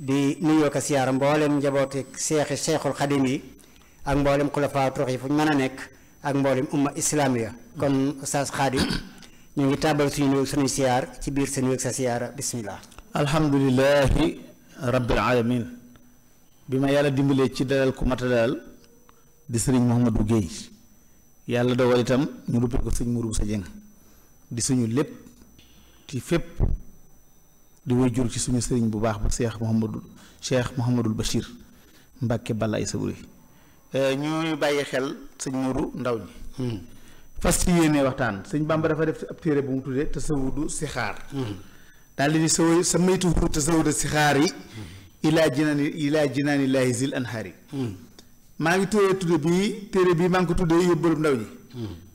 di nuyoo ko siyaar mboolem njaboote seexi seexul xadim yi ak mboolem xulafaa torox yi fu ñu mën a nekk ak mboolem umma islamiya kon Oustaz Khadim ñu ngi tàbbal suñu siyaar ci biir seen wéeg sa siyaara bismillah alhamdulillahi rabbil alamin bi ma yàlla dimbalee ci dalal ku mata di sëriñ Mouhamadou Guèye yàlla dogal itam ñu duppee ko sëñ Mourou sa Dieng di suñu lépp ci fépp di wajur ci suñu sëriñ bu baax ba Cheikh Mouhamadou Cheikh Mouhamadou Bachir Mbacke Balla ay saburi euh, ñuy bàyyi xel sëñ Mourou ndaw ñi. Hmm. fas yéene waxtaan sëñ Bamba dafa def ab téere bu mu tuddee te sawudu sixaar. Hmm. daal di sa sa maytuhu te sawudu sixaar yi. Hmm. ilaa jinaani ilaa jinaani laahi zil anhaar yi. maa ngi téere tudde bii téere bii maa ngi ko tuddee yóbbalu ndaw ñi.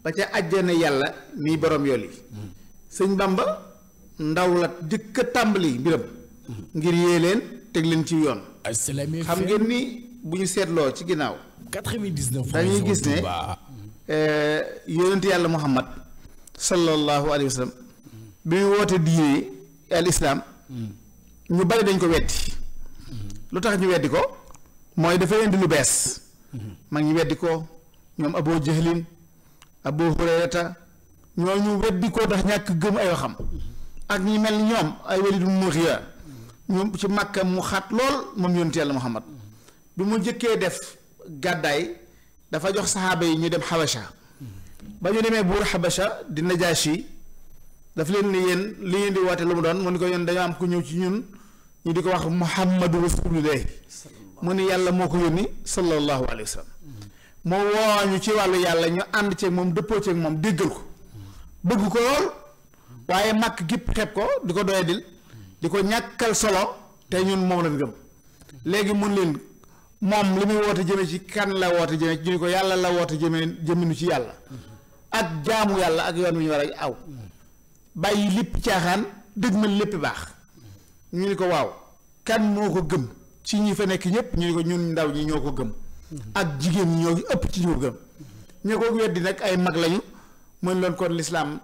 ba ca àjjana yàlla mii borom yool sëñ Bamba. ndaw la jëkk tàmbali mbiram ngir yee leen teg leen ci yoon xam ngeen ni bu ñu seetloo ci ginnaaw dañuy gis ne euh, yonent yàlla muhammad sallallahu alayhi wa sallam bi mu woote diine al islaam ñu bari dañ ko weddi lu tax ñu weddi ko mooy dafay indi lu bees mag ñu weddi ko ñoom aboo jëhlin aboo hurayrata ñoo ñu weddi ko ndax ñàkk gëm ay waxam ak ñi mel ñoom ay walidu muxiya ñoom ci Makka mu xat lool moom yonent yàlla Muhammad bi mu njëkkee def gàddaay dafa jox saxaaba yi ñu dem xabasha ba ñu demee buur xabasha di najaashi daf leen ni yéen li ngeen di woote lu mu doon mu ni ko yéen dañoo am ku ñëw ci ñun ñu di ko wax muhammadu rasulullah mu ni yàlla moo ko yónni sallallahu alayhi wa moo woo ci wàllu yàlla ñu ànd ceeg moom dëppoo ceeg moom déggal ko bëgg ko lool waaye màkk gépp xeeb ko di ko doyadil di ko ñàkkal solo te ñun moom lañ gëm léegi mun leen moom li muy woote jëme ci kan la woote jëme ci ñu ko yàlla la woote jëme jëminu ci yàlla ak jaamu yàlla ak yoon wi ñu war a aw bàyyi lépp caaxaan dëgg ma lépp baax ñu ni ko waaw kan moo ko gëm ci ñi fa nekk ñëpp ñu ni ko ñun ndaw ñi ñoo ko gëm ak jigéen ñi ñoo ëpp ci ñoo gëm ñoo ko weddi nag ay mag lañu mën loon kon lislaam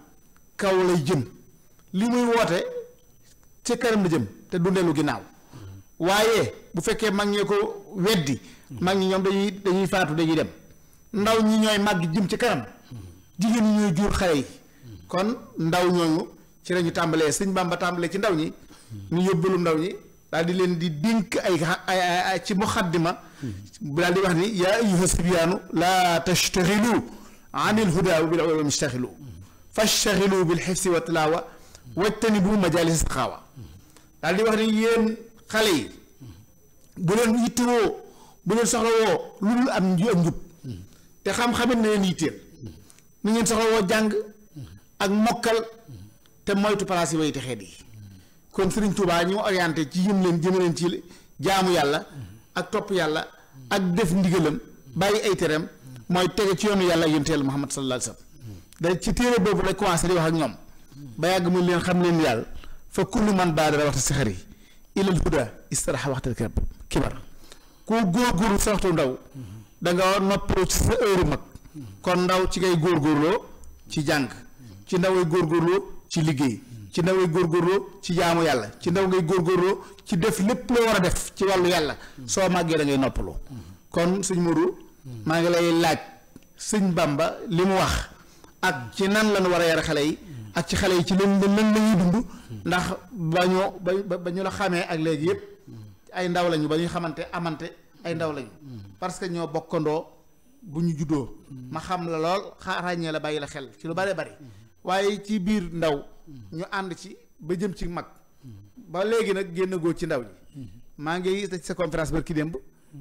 kaw lay jëm li muy woote ci kanam la jëm te du dellu waaye bu fekkee mag ñee ko weddi mag ñi ñoom dañuy dañuy faatu dañuy dem ndaw ñi ñooy màgg jëm ci kanam jigéen ñi ñooy jur xale yi kon ndaw ñooñu ci lañu tàmbalee sëñ Bamba tàmbalee ci ndaw ñi ñu yóbbalum ndaw ñi daal di leen di dénk ay ci muxaddima daal di wax ni yaa ayyuha sibyaanu laa tashtaxilu anil hudaa bil ulumi ishtaxilu fashaxilu bil xifsi wa tilaawa wajtanibu majaalis saxaawa daal di wax ni yéen xale yi bu leen yittewoo bu leen soxlawoo lu dul am njub te xam-xamit na leen yitteel ni ngeen soxlawoo jàng ak mokkal te moytu palaas yi way texee di kon Sëriñ Tuubaa ñu orienté ci yëm leen jëme leen ci jaamu yàlla ak topp yàlla ak def ndigalam bàyyi ay tereem mooy tege ci yoonu yàlla ak yonteelu Muhammad sallallahu alayhi wa day ci téere boobu lay commencé di wax ak ñoom ba yàgg mu leen xam leen yàlla fa kullu man baadara waxta si xar yi ilal huda istaraxa waxtal kibar ku góorgóorlu sa waxtu ndaw da nga noppaloo ci sa heure mag kon ndaw ci ngay góorgóorloo ci jàng ci ndaw ngay góorgóorloo ci liggéey ci ndaw ngay góorgóorloo ci jaamu yàlla ci ndaw ngay góor góorgóorloo ci def lépp loo war a def ci wàllu yàlla soo màggee da ngay noppaloo kon suñ Modou maa ngi lay laaj sëñ Bamba li mu wax ak ci nan lañu war a yar xale yi ak ci xale yi ci lan lan la ñuy dund ndax ba ñoo ba ba ñu la xamee ak léegi yëpp ay ndaw lañu ba ñuy xamante amante ay ndaw lañu parce que ñoo bokkandoo bu ñu juddoo ma xam la lool xa ràññee la bàyyi la xel ci lu bare bari waaye ci biir ndaw ñu ànd ci ba jëm ci mag ba léegi nag génn góor ci ndaw ñi maa ngi gis sa conférence barki démb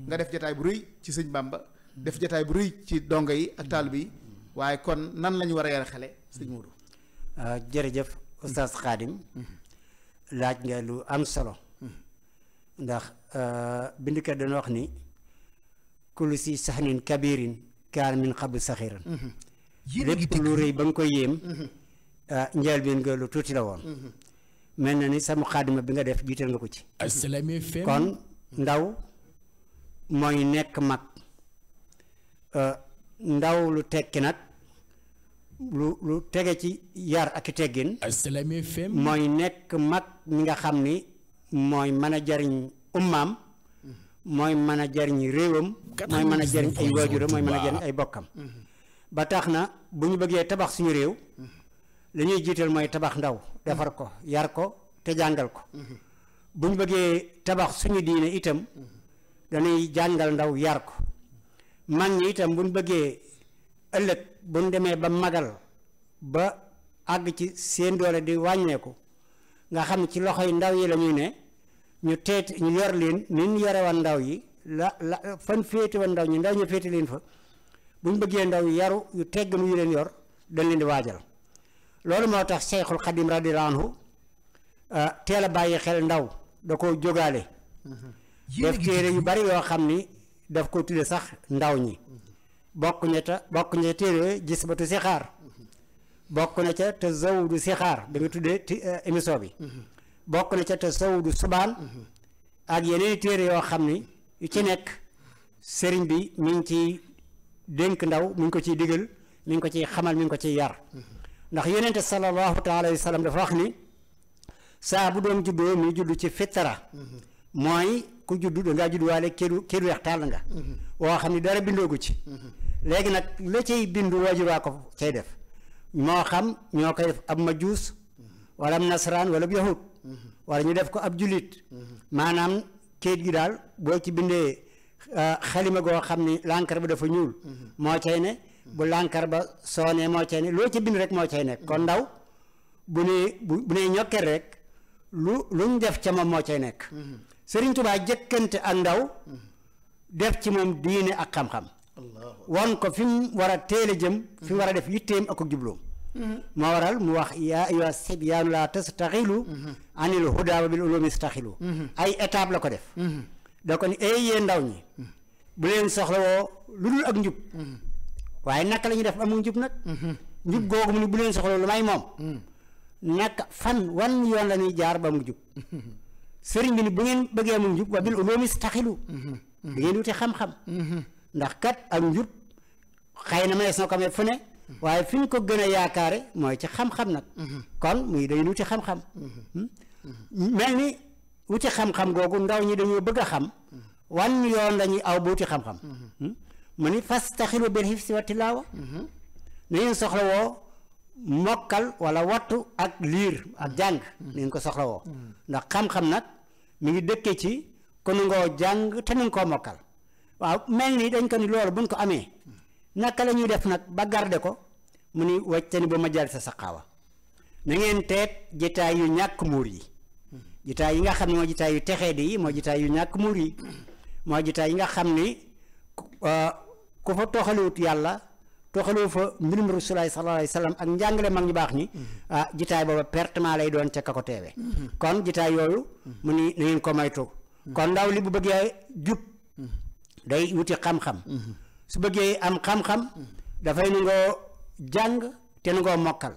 nga def jataay bu rëy ci sëñ Bamba def jataay bu rëy ci dongo yi ak taalibe yi waaye kon nan lañu war a yar xale sëñ Modou ah, jërëjëf oustaz Khadim laaj nga lu am solo ndax ah, bindukat dañu wax ni kullu si saxnin kabirin kaan min xabu saxiran lépp lu rëy ba nga koy yéem mhm. ah, njëlbeen nga lu tuuti la woon mhm. mel na ni sama xaadima bi nga def jiital nga ko ci Assalaamy FM kon ndaw mooy nekk mag ndaw lu tekki nag lu lu tege ci yar ak teggin. Assalaamy FM. mooy nekk mag mi nga xam ni mooy mën a jariñ ummaam. mooy mën a jariñ réewam. mooy mën a jariñ ay waajuram mooy mën a jariñ ay bokkam. Mhm. ba tax na bu ñu bëggee tabax suñu réew. Mhm. li jiital mooy tabax ndaw defar ko mhm. yar ko te jàngal ko. bu ñu bëggee tabax suñu diine itam. dañuy jàngal ndaw yar ko. mag ñi itam buñ bëggee ëllëg buñ demee ba magal ba àgg ci seen doole di wàññeeku nga xam ne ci loxo yi ndaw yi la ñuy ne ñu teet ñu yor leen ni ñu yore woon ndaw yi la la fan féete woon ndaw ñi ndaw ñu féete leen fa buñ bëggee ndaw yu yaru yu tegg nu leen yor dañ leen di waajal loolu moo tax Seexul Xadim radiyallaahu anhu ah, teel a bàyyi xel ndaw da ko jógaale mm-hmm. def téere yu bari yoo xam ni daf ko tudde sax ndaw ñi bokk na ca bokk na ca téere gis sixaar bokk na ca te zawudu sixaar bi nga tuddee ti eh, émission bi bokk na ca te zawudu subaan ak yeneen téere yoo xam ni yu ci nekk sëriñ bi mi ngi ciy dénk ndaw mi ngi ko ciy digal mi ngi ko ciy xamal mi ngi ko ciy yar ndax yonente sallallahu taala alayhi wa sallam dafa wax ni saa bu doom juddoo mi judd ci fitara mooy ku juddu dangaa judduwaale kédu kédu weex tàll nga woo xam ni dara ko ci léegi nag la cay bindu waajur waa ko cay def moo xam ñoo koy def ab majuus wala ab nasaraan wala ab yahud wala ñu def ko ab jullit maanaam kéet gi daal boo ci bindee euh, xalima goo xam ni lànkar ba dafa ñuul moo cay ne bu lànkar ba soonee moo cay ne loo ci bind rek moo cay nekk kon ndaw bu ne bu ne ñokkee rek lu luñ def ca moom moo cay nekk Serigne Touba jëkkante ak ndaw def ci moom diine ak xam-xam wan ko fi war a teel a jëm fi mu war a def yitteem ak ko jubloom mm-hmm. moo waral mu wax yaa ayyuha sibyaanu laa tastaxilu mm-hmm. anil hudaa wa bil ulumi staxilu mm-hmm. ay étape la ko def da ko ni ay yee ndaw ñi bu leen soxlawoo lu dul ak njub waaye naka la ñuy def amul njub nag njub googu mu ni bu leen soxlawoo lu may moom naka fan wan yoon la ñuy jaar ba mu jub sëriñ bi ni bu ngeen bëggee amul njub wa bil ulumi staxilu da mhm. mhm. ngeen wuti xam-xam mhm. ndax kat ak njub xëy na manees na ko amee fu ne waaye fi ñu ko gën a yaakaare mooy ci xam-xam nag kon muy day wuti xam-xam hmm? mel ni wuti xam-xam googu ndaw ñi dañoo bëgg a xam wan yoon lañuy aw buuti xam-xam hmm? mu ni fastaxilu bil hifsi wa tilaawa na ngeen soxla woo mokkal wala wattu ak liir ak jàng ni nga ko soxla woo ndax xam-xam nag mu ngi dëkkee ci ku nu ngoo jàng te nu nga koo mokkal waaw mel ni dañ ko ni loolu buñ ko amee naka la ñuy def nag ba garde ko mu ni wajtani ba ma jari sa saqaawa na ngeen teet jitaay yu ñàkk muur yi jitaay yi nga xam ne moo jitaay yu texee di yi mooy jitaay yu ñàkk muur yi moo jitaay yi nga xam ni ku euh, fa toxaliwut yàlla toxaloo fa mbirum rasulaay sallallahu alayhi wasallam ak njàngale mag ñu baax ni mm-hmm. ah jitaay booba pertement lay doon ca ka ko teewee mm-hmm. kon jitaay yooyu mm-hmm. mu ni na ngeen ko moytu kon ndaw li bu bëggee jub day wuti xam-xam su bëggee am xam-xam dafay nu ngoo jàng te nu ngoo mokkal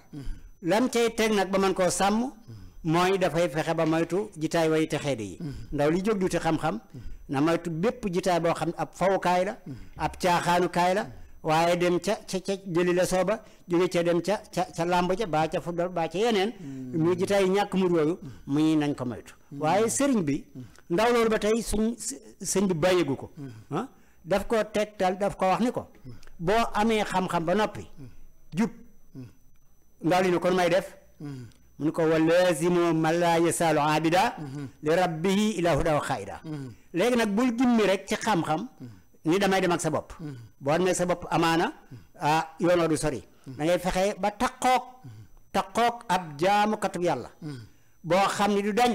lam cay teg nag ba man koo sàmm mooy dafay fexe ba moytu jitaay way texee de yi ndaw li jóg di wuti xam-xam na moytu bépp jitaay boo xam ab fawukaay la ab caaxaanukaay la waaye dem ca ca ca jëli la sooba jóge ca dem ca ca ca làmb ca baa ca football baa ca yeneen mm. mu jitaay ñàkk mu yooyu mu ñuy nañ ko moytu mm. waaye sëriñ bi mm. ndaw loolu ba tey suñ sëñ bi bàyyigu ko ah daf ko tegtal daf ko wax ni ko boo amee xam-xam ba noppi jub ndaw li ni kon may def mu ni ko walaazimu man laa yasaalu abida mm-hmm. li rabbihi ilaa daw xayda mm-hmm. léegi nag bul gimmi rek ci xam-xam ni damay demak sa bopp. Mm. boo demee sa bopp amaana mm. ah yoonoo du sori. da fexe ba takkook mm. takkook ab jaamukatu yàlla. boo xam ni du dañ.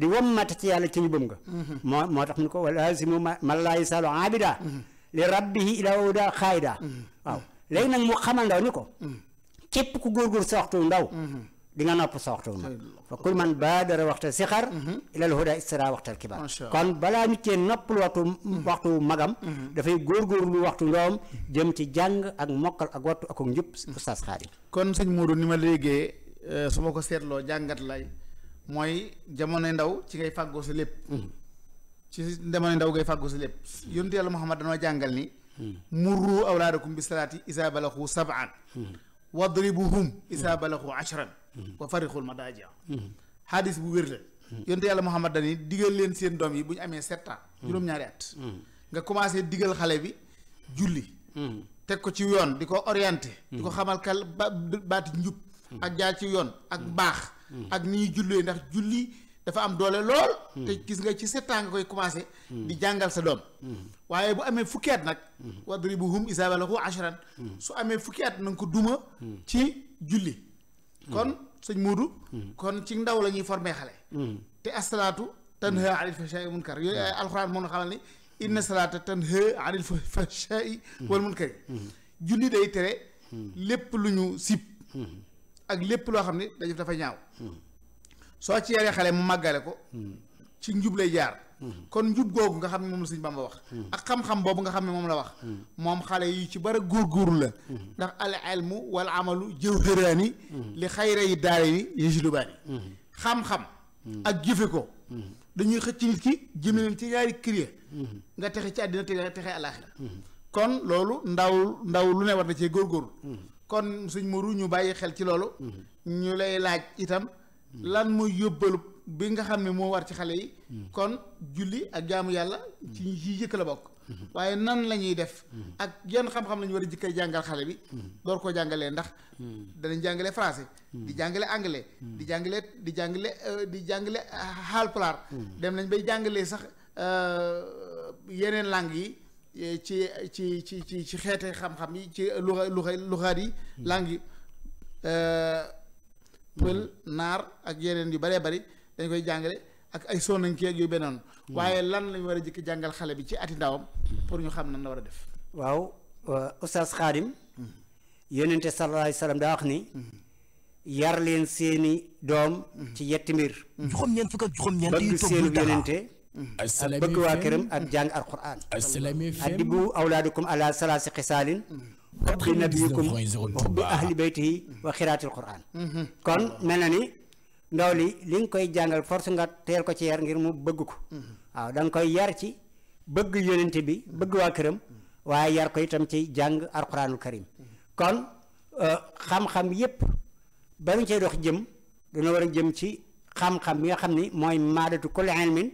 di wëmmate ci yàlla ci ñu bëm nga. Mm-hmm. moo moo tax ñu ko wala azimu man laa yasaalu abida mm-hmm. li rabbihi ila uda xaayida mm-hmm. waaw léegi nag mu xamal ndaw ni ko. képp ku góorgóor sa waxtu ndaw. di nga nopp soxtu na fa kul man baadara waxta sixar mhm. ilal huda istara waxtal kibar kon balaa nit cee noppul waxtu mhm. waxtu magam mhm. dafay góorgóorlu waxtu ndoom jëm ci jàng ak mokkal ak wattu ak njub oustaz Xaadim kon sëñ Modou ni ma léegee euh, su ma ko seetloo jàngat lay mooy jamono ndaw ci ngay fàggoo sa lépp ci jamono ndaw ngay fàggoo Muhammad danoo jàngal ni murru awlaadakum bi salaati isaa balaxu sab'an wadribuhum isaa balaxu ashran wa farixul ma daa jeex hmm. xaadis bu wér la hmm. yonte yàlla Muhammad dani digal leen seen doom yi bu ñu amee sept ans hmm. juróom-ñaari at nga commencé diggal xale bi julli teg ko ci yoon di ko orienté di ko xamal kal ba baati njub ak jaar ci yoon ak baax ak ni ñuy jullee ndax julli dafa am doole lool te gis nga ci sept nga koy commencé di jàngal sa doom waaye bu amee fukki at nag wadribuhum izaa balagu ashran su amee fukki at na ko duma ci julli kon sëñ Moodu mm. kon ci ndaw la ñuy formé xale mm. te asalaatu tanha anil fahshaa'i munkar yooyu ay alxuraan moo xamal ni inna salaata tanha anil fahshaa'i mm. wal munkar julli day tere lépp lu ñu sib ak lépp loo xam ne dañu dafa ñaaw soo ci yaree xale mu màggale ko ci njub lay jaar kon njub googu nga xam ne moom la sëñ Bamba wax ak xam-xam boobu nga xam ne moom la wax moom xale yi ci bara góor góor la ndax al ilmu wal amalu jawharaani li xayra yi daale ni yajlubaani xam-xam ak jëfe ko dañuy xëcc nit ki jëme leen ci ñaari crier nga texe ci àddina te nga texe àlaaxira kon loolu ndaw ndaw lu ne war na cee góorgóorlu kon sëñ Mourou ñu bàyyi xel ci loolu ñu lay laaj itam lan mooy yóbbalu bi nga xam ne moo war ci xale yi kon julli ak jaamu yàlla ci yi jëkk la bokk waaye nan lañuy def ak yan xam-xam la war a jëkkee jàngal xale bi door koo jàngalee ndax danañ jàngale français di jàngale anglais di jàngale di jàngale euh, di jàngale euh, haalpulaar dem nañ bay jàngalee sax euh, yeneen langue yi ci ci ci ci ci xeete xam-xam yi ci luxa luxa luxaat yi langue yi pël naar ak yeneen yu baree bari dañ koy jàngale ak ay sonankeeg yu beneen. Hmm. waaye lan lañ war a jëkk jàngal xale bi ci ati ndawam. pour ñu xam nan la war a def. waaw Oustaz Xaadim. Hmm. yónnente sallallahu alayhi wa sallam daa wax ni. Hmm. yar leen seeni doom. ci yetti mbir. juróom-ñeent fukk ak juróom-ñeent yu toog bëgg waa këram ak jàng alquran. addibu awlaadukum ala salaasi xisaalin. xubbi nabiyikum xubbi ahli baytihi wa xiraatil quran kon mel na ni. ndaw li li nga koy jàngal force nga teel ko ci yar ngir mu bëgg ko mm-hmm. waaw da nga koy yar ci bëgg yonent bi mm-hmm. bëgg waa këram mm-hmm. waaye yar ko itam ci jàng alxuraanul karim kon euh, xam-xam yépp ba ñu cay dox jëm dana war a jëm ci xam-xam bi nga xam ni mooy maadatu kulli ilmin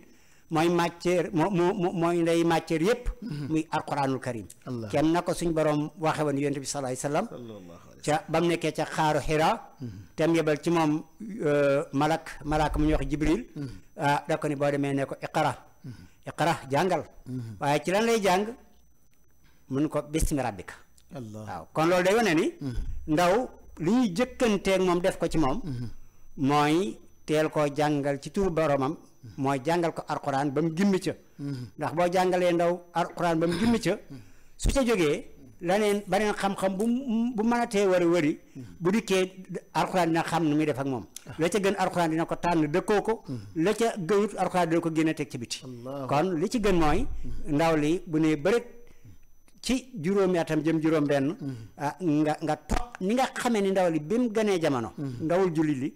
mooy matière moo moo mooy ndey matière yépp muy alxuraanul karim kenn na ko suñ boroom waxe woon yonent bi sallallahu alayhi wasallam ca ba mu nekkee ca xaaru xira te yebal ci moom euh, malak malak mu ñuy wax jibril mm-hmm. ah da ko ni boo demee ne ko iqara mm-hmm. iqara jàngal mm-hmm. waaye ci lan lay jàng mun ko bismi rabbika waaw kon loolu day wane ni ndaw li ñuy jëkkanteeg moom def ko ci moom mooy teel koo jàngal ci turu boromam mooy jàngal ko alquran ba mu gimmi ca ndax boo jàngalee ndaw alquran ba mu gimmi ca su ca jógee laneen baneen xam-xam bu bu mën a tee war bu dikkee alxuraan dina xam nu muy def ak moom ah. la ca gën alxuraan dina ko tànn dëkkoo ko hmm. la ca gëyut alxuraan dina ko génne teg ci biti kon li ci gën mooy hmm. ndaw li bu ne bërët ci juróomi atam jëm juróom benn hmm. ah, nga nga toog ni nga xamee ni ndaw li bi mu gënee jamono ndawul jullit li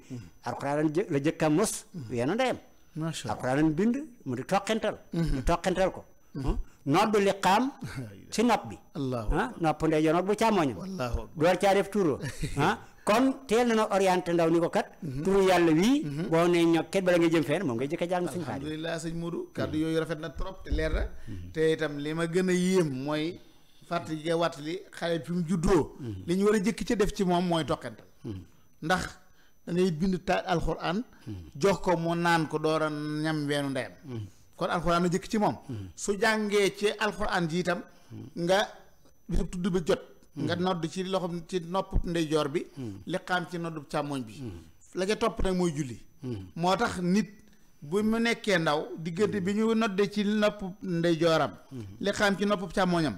alxuraan la jëkk a mos weenu ndeyam alxuraan bind mu di toqental di toqental ko noddu liqaam ci nopp bi ah nopp ndeyjoor nopp bu càmmoñam door caa def tuuro ah kon teel na na orienté ndaw ni ko kat mhm. turu yàlla wii mhm. boo ne ñokket bala nga jëm fenn moom ngay jëkk a jàng sëñ Faal alhamdulilah sëñ Modou mm. kàddu yooyu rafet na trop leer mhm. te itam li ma gën a yéem mooy fàttali nga wàttali xale bi mu juddoo li ñu war a jëkk ca def ci moom mooy toqental ndax da bind taat alxuraan jox ko mu naan ko door a ñam weenu ndeyam kon alxuraan na jëkk ci moom. su jàngee ci alxuraan ji itam. nga bisub tudd bi jot. nga nodd ci loxo ci nopp ndeyjoor bi. liqaam ci noddu càmmoñ bi. la topp nag mooy julli. moo tax nit bu mu nekkee ndaw diggante bi ñu nodde ci nopp ndeyjooram. liqaam ci nopp càmmoñam.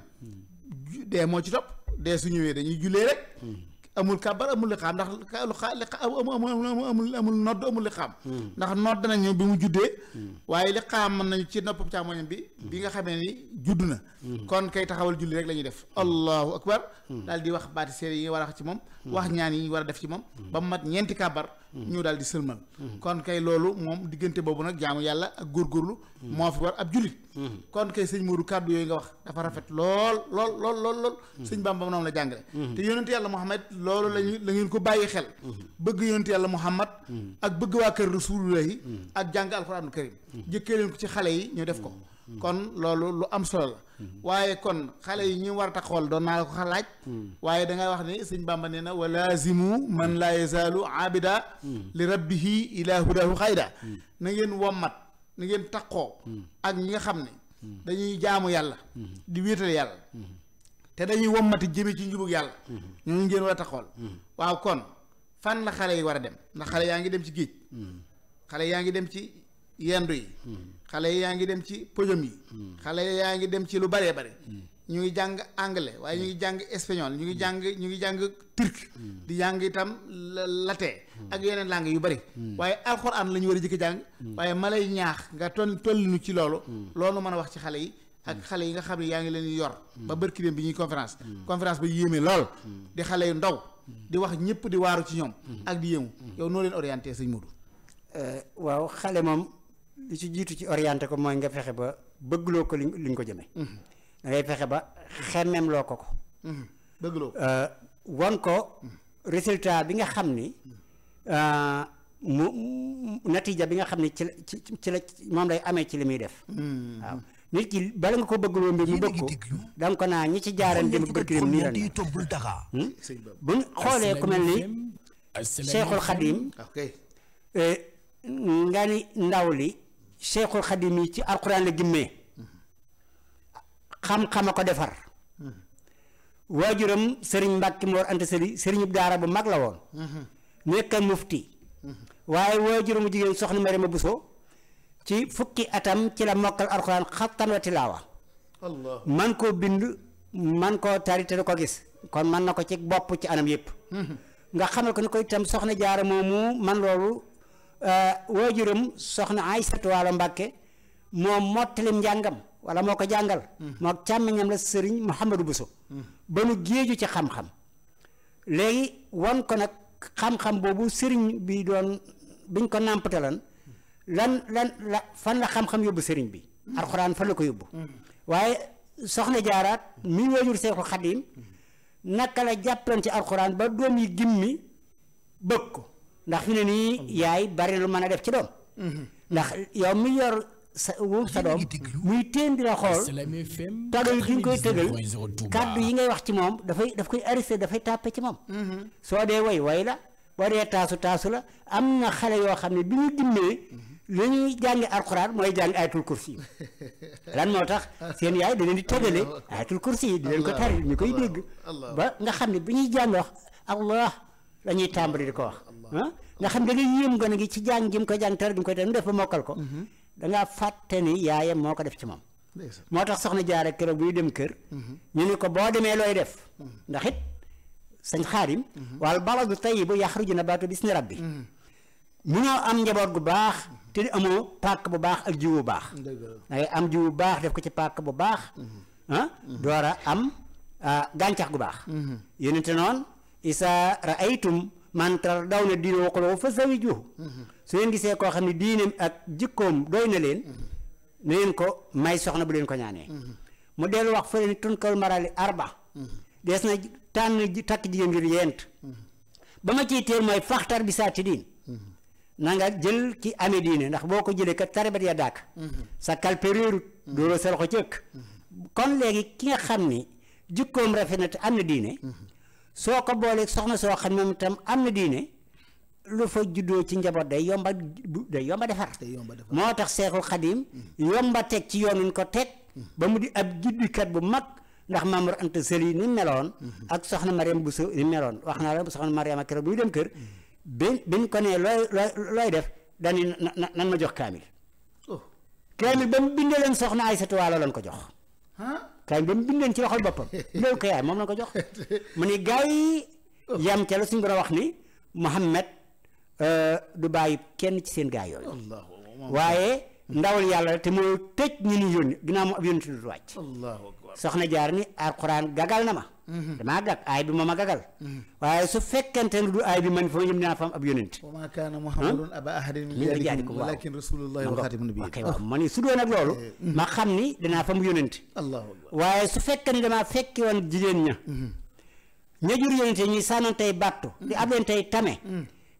dee moo ci topp dee su ñëwee dañuy jullee rek. amul kàbbar amul liqaam ndax amul amul nodd amul liqaam hmm. ndax nodd nañu bi mu juddee hmm. waaye liqaam mën nañu ci nopp càmmoñam bi bi nga xamee ni judd na hmm. kon kay taxawal julli rek la ñuy def allahu akbar daal di wax baati seer yi war a wax ci moom wax ñaan yi war a def ci moom ba mu mat ñeenti kàbbar ñu daal di sëlmal kon kay loolu moom diggante boobu nag jaamu yàlla ak góorgóorlu moo fi war ab jullit Mm-hmm. kon kay sëñ Modou kàddu yooyu nga wax dafa rafet lool lool lool lool lool mm-hmm. sëñ Bamba noonu la jàngale mm-hmm. te yonent yàlla Muhammad loolu lañu la ngeen ko bàyyi xel bëgg yonent yàlla Muhammad ak bëgg waa kër Rasulullahi ak jàng alxuraanul karim jëkkee leen ko ci xale yi ñu def ko kon loolu lu am solo la waaye kon xale yi ñu war a xool doon naa la ko xalaaj waaye dangay wax ni sëñ Bàmba nee na wa laazimu man laa yazaalu abida li rabbihi ilaa hudahu xayda na ngeen wommat ni ngeen takkoo hmm. ak ñi nga xam ne hmm. dañuy jaamu yàlla hmm. di wéetal yàlla te dañuy wommati jëme ci njubug yàlla ñooñu ngeen war a takkool waaw kon fan la xale yi war a dem ndax xale yaa ngi dem ci géej xale yaa ngi dem ci yendu yi xale yaa ngi dem ci podium yi xale yaa ngi dem ci lu baree bare ñu ngi jàng anglais waaye ñu ngi jàng espagnol ñu ngi jàng ñu ngi jàng turc di jàng itam latee ak yeneen langue yu bari waaye alxuraan la ñu war a jëkk jàng waaye ma lay ñaax nga toll tollinu ci loolu loolu mën a wax ci xale yi ak xale yi nga xam ne yaa ngi leen yor ba bërki dem bi ñuy conférence conférence ba yéeme lool di xale yu ndaw di wax ñëpp di waaru ci ñoom ak di yéemu yow noo leen orienté sëñ Modou euh, waaw xale moom li si jiitu ci orienté ko mooy nga fexe ba bëggloo ko li ñu ko jëmee da fexe ba xemmem loo wan ko résultat bi nga xam ni euh, mu natija bi nga xam ni ci la ci ci la moom lay amee ci li muy def hmm. waaw nit ki bala nga ko bëgg loo mbir mu bëgg ko da ko naa ñi ci jaaran dem bëkkrim nii la buñ xoolee ku mel ni Cheikhul Khadim euh, nga ni ndaw li Cheikhul Khadim yi ci alxuraan la gimmee hmm. xam-xama ko defar waajuram sëriñ Mbàkke Mor Anta Sali sëriñub daara bu mag la woon mhm. nekka mufti mhm. waaye waajuramu jigéen soxna ma Mariama Bousso ci fukki atam ci la mokkal alxuraan xattan wa tilaawa man koo bind man koo tari te du ko gis kon man na ko ci bopp ci anam yëpp mhm. nga xamal ko ni ko itam soxna jaara moomu man loolu euh, waajuram soxna Aysatu Waalo Mbàkke moom mottalim njàngam wala moo ko jàngal hmm. moo càmmiñam la sëriñ Mouhamadou Bousso hmm. ba nu géeju ci xam-xam léegi wan ko nag xam-xam boobu sëriñ bi doon biñ ko nàmpatalan lan lan la fan la xam-xam yóbbu sëriñ bi hmm. alxuraan fan la ko yóbbu waaye soxna jaaraat mi waajur Seexul Xadiim naka la jàppalan ci alxuraan ba doom yi gimmi bëgg ko ndax fi ne nii yaay bari lu mën a def ci doom ndax yow mi sa wóof sa doom muy téen di la xool kàddu yi duñ koy tëgal kàddu yi ngay wax ci moom dafay daf koy arrêté dafay tàppe ci moom mm-hmm. soo dee woy woy la boo dee taasu taasu la am na xale yoo xam ne bi ñu dimmee mm-hmm. li ñuy jàngi alxuraan mooy jàngi ayatul kursi yi lan moo tax seen yaay da di tëgale ayatul di leen ko tari ñu koy dégg ba nga xam ne bi ñuy jàng wax allah la ñuy tàmbali di ko wax ah? nga xam da nga yéem gone gi ci jàng gi mu ko jàng tar gi mu koy tar mu def ba mokkal ko mm-hmm. dangaa fàtte ni yaayam moo ko def ci moom moo tax soxna jaara keroog buy dem kër mhm. ñu ne ko boo demee looy def mhm. ndax it sañ xaarim mhm. wal baladu tayyibu yaxruju nabaatu bi rabbi munoo am njaboot gu baax te di amoo pàkk bu baax ak jiw bu baax dangay am jiw bu baax def ko ci pàkk bu baax ah door a am ah, gàncax gu baax yénente noonu isa raaytum mantar daw na diine waqaloo fa sawi ju mm-hmm. su ngeen gisee koo xam ne diineem ak jikkoom doy na leen mm-hmm. na leen ko may soxna bu leen ko ñaanee mm-hmm. mu dellu wax fële ni tunkal marali arba des na tànn takk jigéen ngir yent ba ma ciy teel mooy faxtar bi saati diin na nga jël ki amee diine ndax boo ko jëlee kat taribat ya dàkk sa kalpe réerut dooloo sa loxo cëkk kon léegi ki nga xam ni jikkoom rafet na te am na diine soo ko booleeg soxna soo xam ne moom itam am na diine lu fa juddoo ci njaboot day yomba day yomba defar moo tax seexul xadim mm. yomba teg ci yoonin ko teg mm. ba mu di ab juddikat bu mag ndax Mamour Anta Sali ni meloon mm-hmm. ak soxna Mariam bu so ni meloon wax naa la soxna Mariam ak keroog bu ñu dem kër mm. bi biñ ko nee looy looy looy def dani na nan ma jox kaamil oh. kaamil ba mu bindee leen soxna Aysatu Waalo lan ko jox kaay dem bind leen ci waxal boppam loolu ko yaay moom la ko jox mu ni gars yi yam ca la suñu borom wax ni Muhammad euh, du bàyyi kenn ci seen gaay yooyu waaye ndawal yàlla la te moo tëj ñu ni yónni ginnaaw mu ab yónni du wàcc soxna jaar ni alxuraan gagal na ma Mhm. damaa gàgg aay bi moom a gagal mhm. waaye su fekkente ne du aay bi man foo ñëm naa fam ab yonent wa maa kaana muhammadun aba ahadin min rijaalikum su doon ak loolu eh, mhm. ma xam ni danaa fam yonent allahu waaye su fekkee ni damaa fekki woon jigéen ña ña jur yonente ñuy sànnantey battu di ab leen tey tame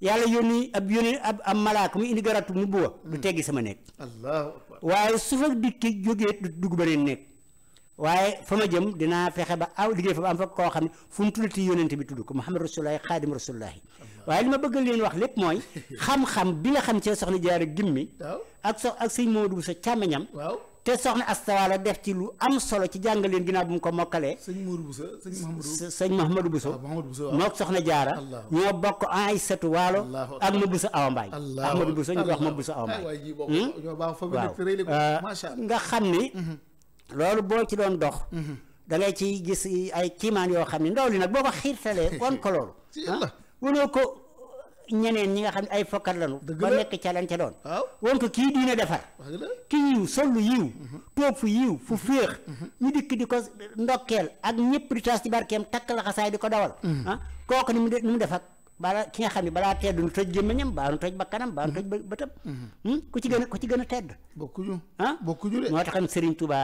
yàlla yónni ab yónni ab am malaaka mu indi garatu mu buwa du teggi sama nekk waaye su fa dikki jógee du dugg beneen nekk waaye fa ma jëm dinaa fexe ba aw liggéey fa ba am fa koo xam ne fu mu tuddati yónente bi tudd ko Muhammad Rasulullahi xaadim Rasulullahi waaye li ma bëgg leen wax lépp mooy xam-xam bi nga xam ci soxna Jaara Gimmi ak so ak sëñ Moodu sa càmmiñam te soxna Astawaala def ci lu am solo ci leen ginnaaw bu mu ko mokkalee. sëñ Mourou Bousso sëñ Mouhamadou Bousso ah, ah. mook soxna Jaara ñoo bokk Aysatu Waalo ak ma Bousso Awa Mbaay Ahmadou Bousso ñu ko wax ma Bousso Awa Mbaay hmm? ah. nga xam loolu boo ci doon dox. Mhm. da ngay ciy gis ay kiimaan yoo xam ne ndaw li nag boo ko xiirtalee wan ko loolu. Ah, wanoo ko ñeneen ñi nga xam ne ay fokkat lañu. ba nekk ca lañ ca doon. wan ko kii diine defar. kii yiw sollu yiw. Mhm. toog fu yiw fu mhm. féex. ñu dikk di ko ndokkeel ak ñëpp di taas ci barkeem takk la xasaay di ko dawal. ah kooku ni mu def ni balaa ki nga xam ne balaa tedd nu toj gémmiñam baa nu toj bakkanam baa nu toj bëtam mhm. hmm? ku ci gën a ku ci gën a tedd bokkuñu ah bokkuñu de moo tax am Serigne Touba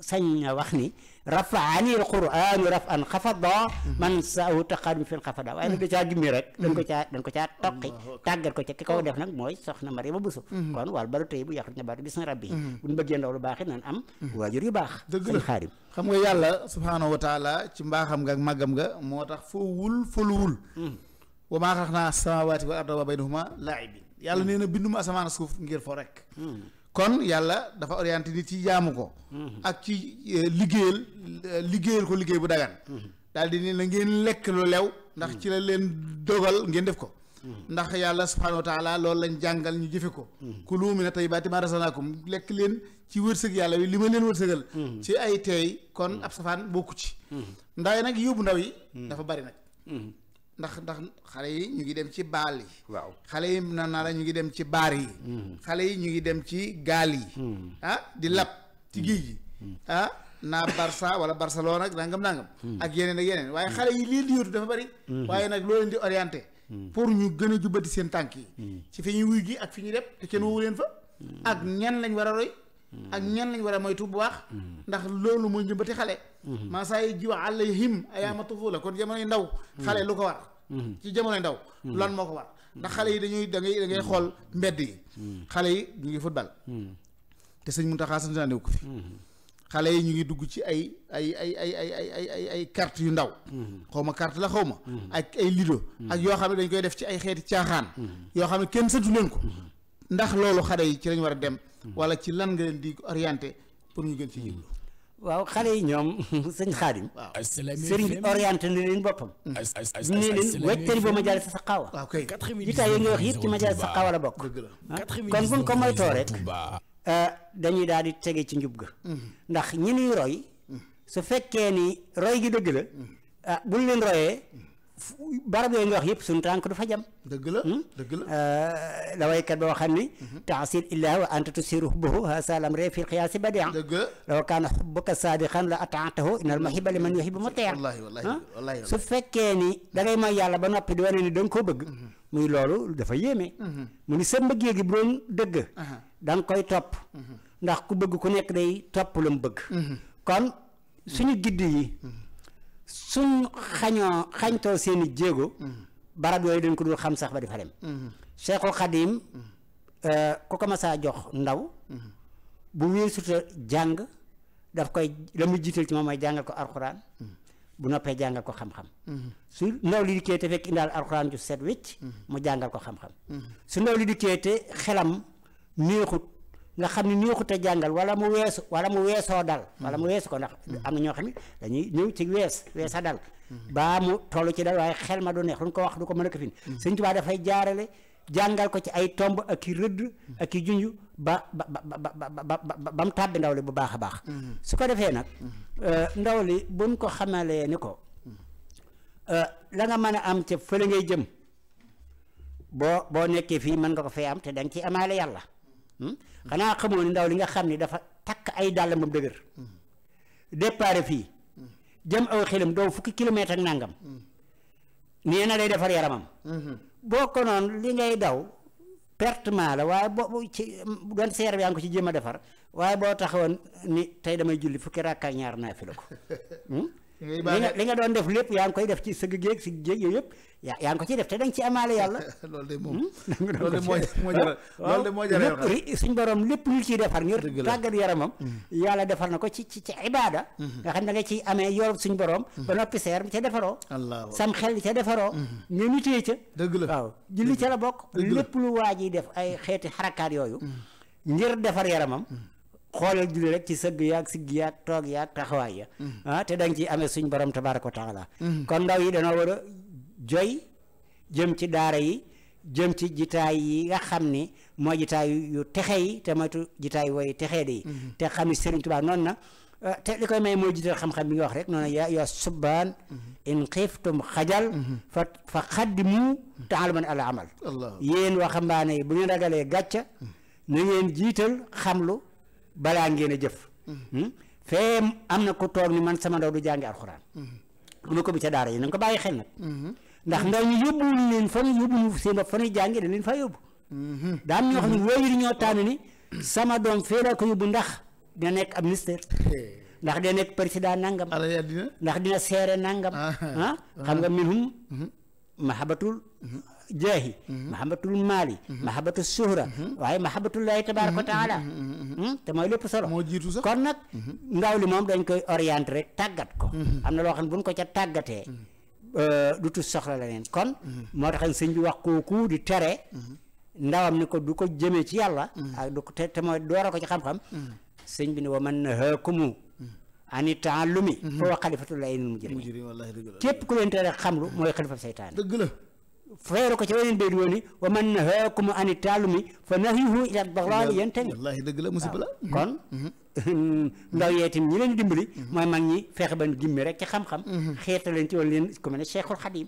sañ na wax ni rafaani alquranu raf an xafada man sahu taqaadum fi xafada waaye nag da caa gimmi rek mhm. dañ ko caa dañ ko caa toqi mhm. tàggat ko ca ki kaw oh. def nag mooy soxna Mariama Bousso kon wal baru tey bu yaxruj na baatu bis na rabbi yi buñ bëggee ndaw lu baax it nan am waajur yu baax dëgg la xaarim xam nga yàlla subhaanahu wa taala ci mbaaxam nga ak màggam nga moo tax foo wul foluwul wa maa xalaqnaa waa samaawaati wal arda wa baynahuma laa'ibiin yàlla nee na binduma asamaan suuf ngir fo rek kon yàlla dafa orienté nit ci jaamu ko ak ci euh, liggéeyal euh, liggéeyal ko liggéey bu dagan daal di ne la ngeen lekk lu lew ndax ci la leen dogal ngeen def ko ndax yàlla subhaanahu wa taala loolu lañ jàngal ñu jëfe ko kulu mina tayyibaati maa razaqnaakum lekk leen ci wërsëg yàlla wi li ma leen wërsëgal ci ay teey kon ab safaan bokku ci ndaw nag yóbbu ndaw yi dafa bari nag ndax ndax xale yi ñu ngi dem ci baal yi. waaw xale yi na naa la ñu ngi dem ci baar yi. Mm-hmm. xale yi ñu ngi dem ci gaal yi. Mm-hmm. ah di lab ci mm-hmm. géej gi. ah naa Barça wala Barcelona ak nangam nangam. ak yeneen ak yeneen waaye xale yi lii di yóotu dafa bari. waaye nag loo leen di orienté. pour ñu gën a jubbati seen tànk yi. ci fi ñuy wuy gi ak fi ñuy dem te kenn wu leen fa. ak ñan lañ war a roy. ak ñan lañ war a moytu bu baax. ndax loolu mooy njëmbati xale. maasaa yi jiw àllayhim ayaama tufuula kon jamonoy ndaw. xale lu ko war. Mm-hmm. ci jamonoy ndaw. Mm-hmm. lan moo ko war ndax xale yi dañuy da ngay da ngay xool mbedd yi. Mm-hmm. xale yi ñu ngi football. te sëñ Mountakha sant naa ko fi. xale yi ñu ngi dugg ci ay ay ay ay ay ay ay ay carte yu ndaw xaw ma carte la xaw ma ak ay lido ak yoo xam ne dañ koy def ci ay xeeti caaxaan yoo xam ne kenn sëtu leen ko ndax loolu xale yi ci lañ war a dem wala ci lan nga leen di orienté pour ñu gën ci jublu waaw xale yi ñoom sëñ xaadim sëriñ bi orienté na leen boppam ne leen wejtari ba majalis sa xaawa jitaay yi nga wax yëpp ci majalis sa xaawa la bokk ah, kon buñ ko moytoo rek euh, dañuy daal di tege ci njub ga mm-hmm. ndax ñi nuy roy mm-hmm. su fekkee ni roy gi dëgg la mm-hmm. ah buñ leen royee barab yooyu nga wax yëpp suñu tànk du fa jam dëgg la hmm? dëgg la euh, la waykat boo xam ni hmm. taasil illah wa anta tusiru hubbahu hasalam ree fil xiyaasi badian dëgg law kaana hubbuka saadiqan la ataatahu inal muhibba liman yuhibbu mutia hmm? su fekkee ni da ngay mooy yàlla ba noppi di wane ni da nga koo bëgg muy loolu dafa yéeme mu ni sa mbëggee gi bu doon dëgg uh-huh. da nga koy topp ndax ku bëgg ku nekk day topp lu mu bëgg kon suñu gidd yi suñ xañoo xañtoo seen i jéego mm-hmm. barab yooyu dañ ko dul xam sax ba di fa dem mm-hmm. Cheikhul mm-hmm. euh, ku ko mas a jox ndaw bu weesuta jàng daf koy la muy jiital ci moom mooy jàngal ko alxuraan bu noppee jàngal ko xam-xam su ndaw li dikkee te fekk indaal alxuraan ju set te xelam néexut nga xam ne neexut a jàngal wala mu weesu wala mu weesoo dal mm-hmm. wala mu weesu ko ndax mm-hmm. am na ñoo xam ne dañuy ñëw ci wees weesa a dal mm-hmm. baa mu toll ci dal waaye xel ma du neex luñ ko wax du ko mën a ko fin sëñ Tuubaa dafay jaarale jàngal ko ci ay tomb ak i rëdd ak junj ba mu tàbbi ndaw li bu baax a baax su ko defee nag euh, ndaw li buñ ko xamalee ni ko euh, la nga mën a am ca fële ngay jëm boo boo nekkee fii mën nga ko fee am te dañ ci amaale yàlla Hmm? xanaa xamoo ni ndaw li nga xam ni dafa takk ay dàll moom dëgër hmm. départ fii hmm. jëm aw xelam doo fukki kilomètre ak nangam nee na day defar yaramam boo ko noonu li ngay daw pertement la waaye boo ci doon seer bi yaa ngi ko ci jéem a defar waaye boo taxawoon ni tey damay julli fukki rakka ñaar naa fi la ko li nga li nga doon def lépp yaa ngi koy def ci sëgg géeg si géeg yooyu yëpp yaa yaa ngi ko ciy def te da ci amaale yàlla. loolu de moom hmm? loolu de moo moo jaral loolu moo lépp suñ borom lépp lu ciy defar ngir tàggat yaramam hmm. yàlla defar na ko ci ci ci ibaada hmm. nga xam ne nga ci amee yor suñ borom ba noppi seer ca defaroo sam xel ca defaroo nga nitee ca dëgg la waaw julli ca la bokk lépp lu waa ji def ay xeeti xarakaat yooyu ngir defar yaramam xoolal julli rek ci sëgg yaag sigg yaag toog yaag taxawaay ya mm. ah, te dañ ci amee suñ borom tabaaraka wa taala mm. kon ndaw yi danoo war a joy jëm ci daara yi jëm ci jitaay yi nga xam ni mooy jitaay yu texe yi te moytu jitaay woy texee mm-hmm. yi xam ni Sëriñ Tuubaa noonu na ah, te li koy may mooy jiital xam-xam bi nga wax rek noonu yaa yaa subbaan mm-hmm. in xiiftum xajal mm-hmm. fa fa xaddimu taalaman ala amal yéen waxambaane yi bu ñu ragalee gàcca mm. na ngeen jiital xamlu balaa ngeen a jëf. Mm-hmm. fee am na ku toog ni man sama ndaw du jàngi alxuraan. mu mm-hmm. ne ko bi ca daara yi na nga bàyyi xel nag. Mm-hmm. ndax ndaw ñu yóbbuwul leen fan yóbbuwul seen bopp fan yu jàngi dañ yóbbu. ni sama doom ko yóbbu ndax dina nekk ab ministère. ndax dina nekk daa nangam. ndax dina seere nangam. Ah, ah, ah, xam nga minhum mahabatul jaahi mm-hmm. mahabatul maali mm-hmm. mahabatu suhra mm-hmm. waaye mahabatullahi tabaraka wa taala te mooy lépp solo moo jiitu sax kon nag ndaw li moom dañ koy orienté rek tàggat ko am na loo xam ne buñ ko ca tàggatee euh, du tus soxla leneen kon moo tax sëñ bi wax kooku di tere ndawam ni ko du ko jëmee ci yàlla ak du te te mooy doora ko ci xam-xam sëñ bi ne wa man nahaakumu ani taallumi foo xalifatullahi nil mujrim képp ku leen tere xamlu mooy xalifa seytaane feere ko ci weneen bayit wooni wa man nahaakum ani taalumi fa nahyuhu ila dalaali yantahi wallaahi dëgg la musiba la kon mhm. ndaw yee itam ñi leen dimbali mhm. mooy mag ñi feexe ban gimmi rek ci xam-xam mhm. xeeta leen ci woon leen ku mel ne Cheikhul Xadim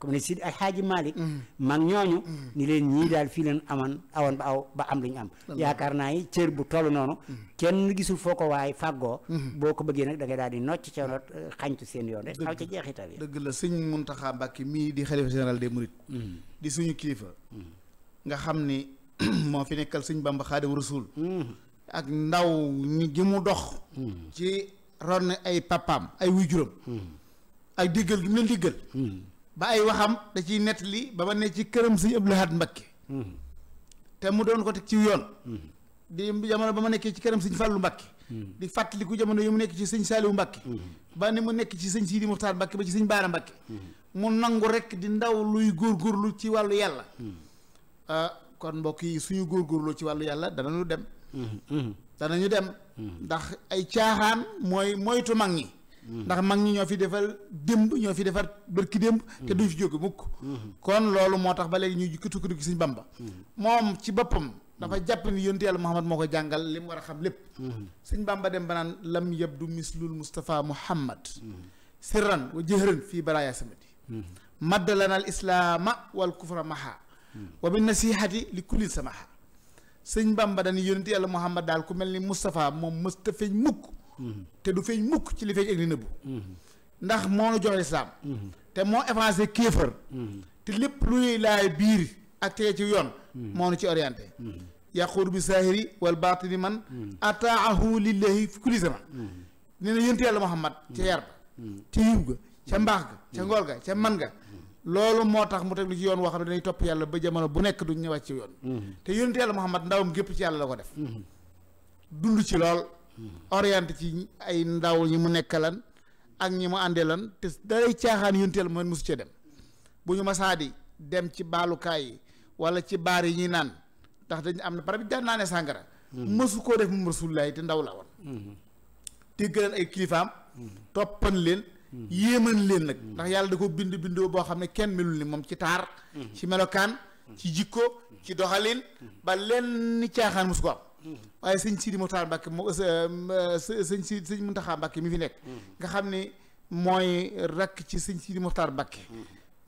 comme ni Sidi Alxaaji Malick mm. mag ñooñu mm. ni leen ñii daal fii leen amoon awoon ba aw ba am lu ñu am yaakaar naa yi cër bu toll noonu mm. kenn gisul foo ko waaye fàggoo boo ko bëggee nag da daal di nocc ca not euh, xañtu seen yoon rek xaw ca jeexital yi dëgg la sëñ Muntaxa Mbàkke mii di xalifa général des mourides di suñu kilifa nga xam ni moo fi nekkal sëñ Bamba Xaadim Rasuul ak ndaw ñi gi mu dox ci ron ay papaam ay wuy juróom diggal gi mu leen ba ay waxam da ciy nettali ba ma ne ci këram sëñ Abdou Lahad Mbakke hmm. te mu doon ko teg ci yoon hmm. di jamono ba ma nekkee ci këram sëñ Fàllu Mbakke hmm. di fàttaliku jamono yu mu nekk ci sëñ Saaliwu Mbakke ba ni mu nekk ci sëñ Sidi Muxtaar Mbakke ba ci sëñ Baara Mbakke mu nangu rek di ndaw luy góorgóorlu ci wàllu yàlla ah, kon mbokk yi suñu góorgóorloo ci wàllu yàlla danañu dem danañu dem ndax ay caaxaan mooy moytu mag ñi ndax mag ñi ñoo fi defal démb ñoo fi defar bërki démb te du fi jóge mukk kon loolu moo tax ba léegi ñuy tukki tukki Sëriñ Bamba moom ci boppam dafa jàpp ni yonent yàlla Muhammad moo ko jàngal li mu war a xam lépp Sëriñ Bamba dem banaan lam yabdu mislul Mustafa Muhammad sirran wa jëhran fii baraaya samati madda lana al islaama wal kufra maha wa bi nasihati li kulli samaha Sëriñ Bamba dañu yonent yàlla Muhammad daal ku mel ni Mustafa moom mësta feeñ te du feeñ mukk ci li feeñ ak li nëbbu ndax moo nu jox lislaam te moo avancé kéefër te lépp lu ñuy laay biir ak tege ci yoon moo nu ci orienté yaquur bi wal wal baatini man ataahu lillahi fi kulli zaman nee na yonent yàlla Muhammad ca yar ca yiw ga ca mbaax ga ca ngoor ga ca man ga loolu moo tax mu teg lu ci yoon woo xam ne topp yàlla ba jamono bu nekk duñ ñëwaat ci yoon te yonent yàlla Muhammad ndawam gépp ci yàlla la ko def dund ci lool orienté ci ay ndaw ñi mu lan ak ñi mu àndeelan te daray caaxaan yunteel man mosu cee dem bu ñu masaadi dem ci baalukaay yi wala ci baar yi ñuy naan ndax dañ am na pare bi daan naanee sàngara mësu mm-hmm. koo def moom rasulullaay te ndaw la woon mm-hmm. déggaleen ay kilifaam mm-hmm. toppan leen yéeman leen nag ndax yàlla da ko bind bindoo boo xam ne kenn melul ni moom ci taar ci melokaan ci jikko ci doxalin ba lenn caaxaan mosu ko am waaye sëñ Sidi Moxtaar Mbàkke moo sëñ Sidi sëñ Muntaxa Mbàkke fi nekk nga xam ni mooy rakk ci sëñ Sidi Moxtaar Mbàkke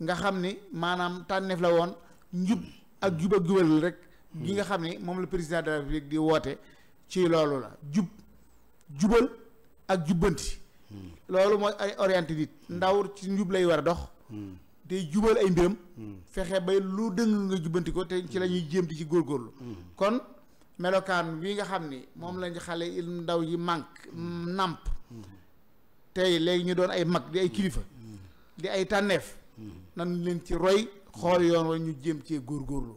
nga xam ni maanaam tànneef la woon njub ak jub ak jubal rek gi nga xam ni moom la président de la di woote ci loolu la jub ak jubbanti loolu mooy ay orienté nit ndaw ci njub lay war a dox tey jubal ay mbiram fexe ba lu dëng nga jubbanti ko te ci la ñuy jéem di ci góorgóorlu kon melokaan wi nga xam ni moom lañ xale il ndaw yi manque nàmp tey léegi ñu doon ay mag di ay kilifa di ay tànneef nan leen ci roy xool yoon wa ñu jéem góor góorlu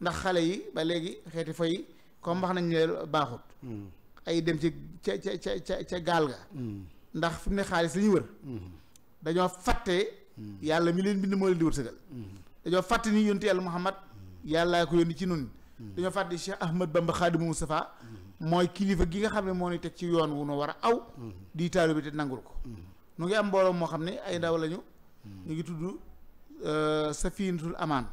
ndax xale yi ba léegi xeeti fa yi comme wax nañ ne baaxut ay dem ci ca ca ca ca gaal ga ndax fu mu ne xaalis lañuy wër dañoo fàtte yàlla mi leen bind moo leen di wërsëgal dañoo fàtte ni yonti yàlla muhammad yàllaa ko yónni ci nun dañoo fàtte Cheikh Ahmad Bamba Xaadimu Mustafa mooy kilifa gi nga xam ne moo ni teg ci yoon wu nu war a aw di taalu bi te nangul ko mu ngi am mbooloo moo xam ne ay ndaw lañu ñu ngi tudd euh, Safinatul Amaan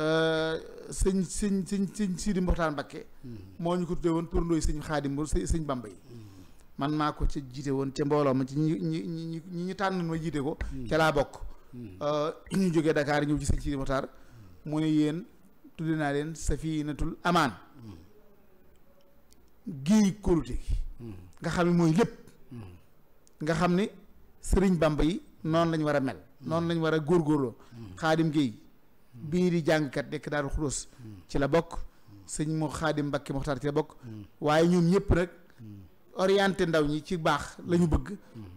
euh, sëñ sëñ sëñ sëñ Sidi Moxtaar Mbakke moo ñu ko tuddee woon turandooy sëñ Xaadim sëñ Bamba yi man maa ko ca jiite woon ca mbooloo ma ci ñi ñi ñi ñi ñu tànn ma jiite ko ca laa bokk mm. euh, ñu jógee Dakar ñëw ci sëñ Sidi Moxtaar mu ne yéen tudde naa leen safinatul amaan géej kóolute gi nga xam ne mooy lépp nga xam ne sëriñ bamba yi noonu lañ war a mel noonu lañ war a góorgóorloo xaadim géey bii di jàngkat nekk daalu xudus ci la bokk sëñ moo xaadim mbakki moxtaar ci la bokk waaye ñoom ñëpp nag orienté ndaw ñi ci baax lañu bëgg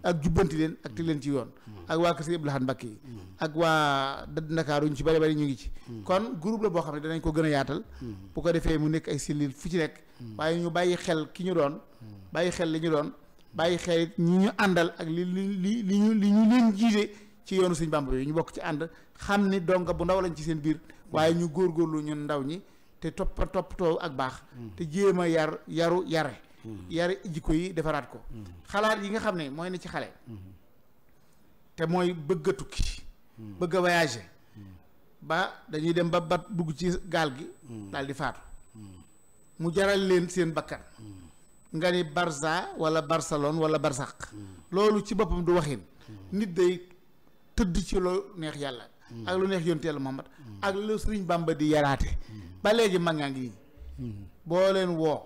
ak jubbanti leen ak teg leen ci yoon ak waa kër Sëriñ Abdou Lahad yi ak waa dëdd Ndakaaru ñu ci bari bari ñu ngi ci kon groupe la boo xam ne danañ ko gën a yaatal mm. bu ko defee mu nekk ay cellule fu ci nekk mm. waaye ñu bàyyi xel ki ñu doon mm. bàyyi xel li ñu doon bàyyi xel ñu àndal ak li li li ñu li ñu leen jiite ci yoonu Sëriñ Bàmba yi ñu bokk ci ànd xam ni donga bu ndaw lañ ci seen biir waaye ñu góorgóorlu ñun ndaw ñi te topp toppatoo ak baax te jéem a yar yaru yare yare jikko yi defaraat ko xalaat yi nga xam ne mooy ne ci xale te mooy bëgg tukki bëgg a ba dañuy dem ba bat dugg ci gaal gi dal di faatu mu jaral leen seen bakkan nga ni Barça wala Barcelone wala Barsaq loolu ci boppam du waxin nit day tëdd ci lu neex yàlla ak lu neex yonte yàlla Muhammad ak lu Sëriñ Bàmba di yaraate ba léegi mag ngaa ngi boo leen woo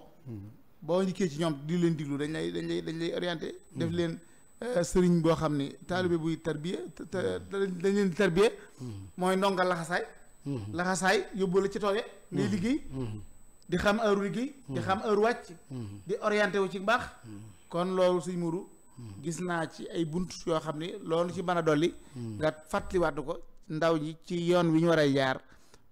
boo njëkkee ci ñoom di leen diglu dañ lay dañ lay dañ def leen Euh, sëriñ boo xam ni taalibe buy tarbiye dañ leen di tarbiye mooy ndonga laxasaay mm-hmm. laxasaay yóbbu la ci tooge ngay mm-hmm. liggéey mm-hmm. di xam heure liggéey di xam heure wàcc di orienté wu ci mbaax kon loolu suñ muru gis naa ci ay bunt yoo xam ni loolu ci mën a dolli nga fàttaliwaat ko ndaw ñi ci yoon wi ñu war a jaar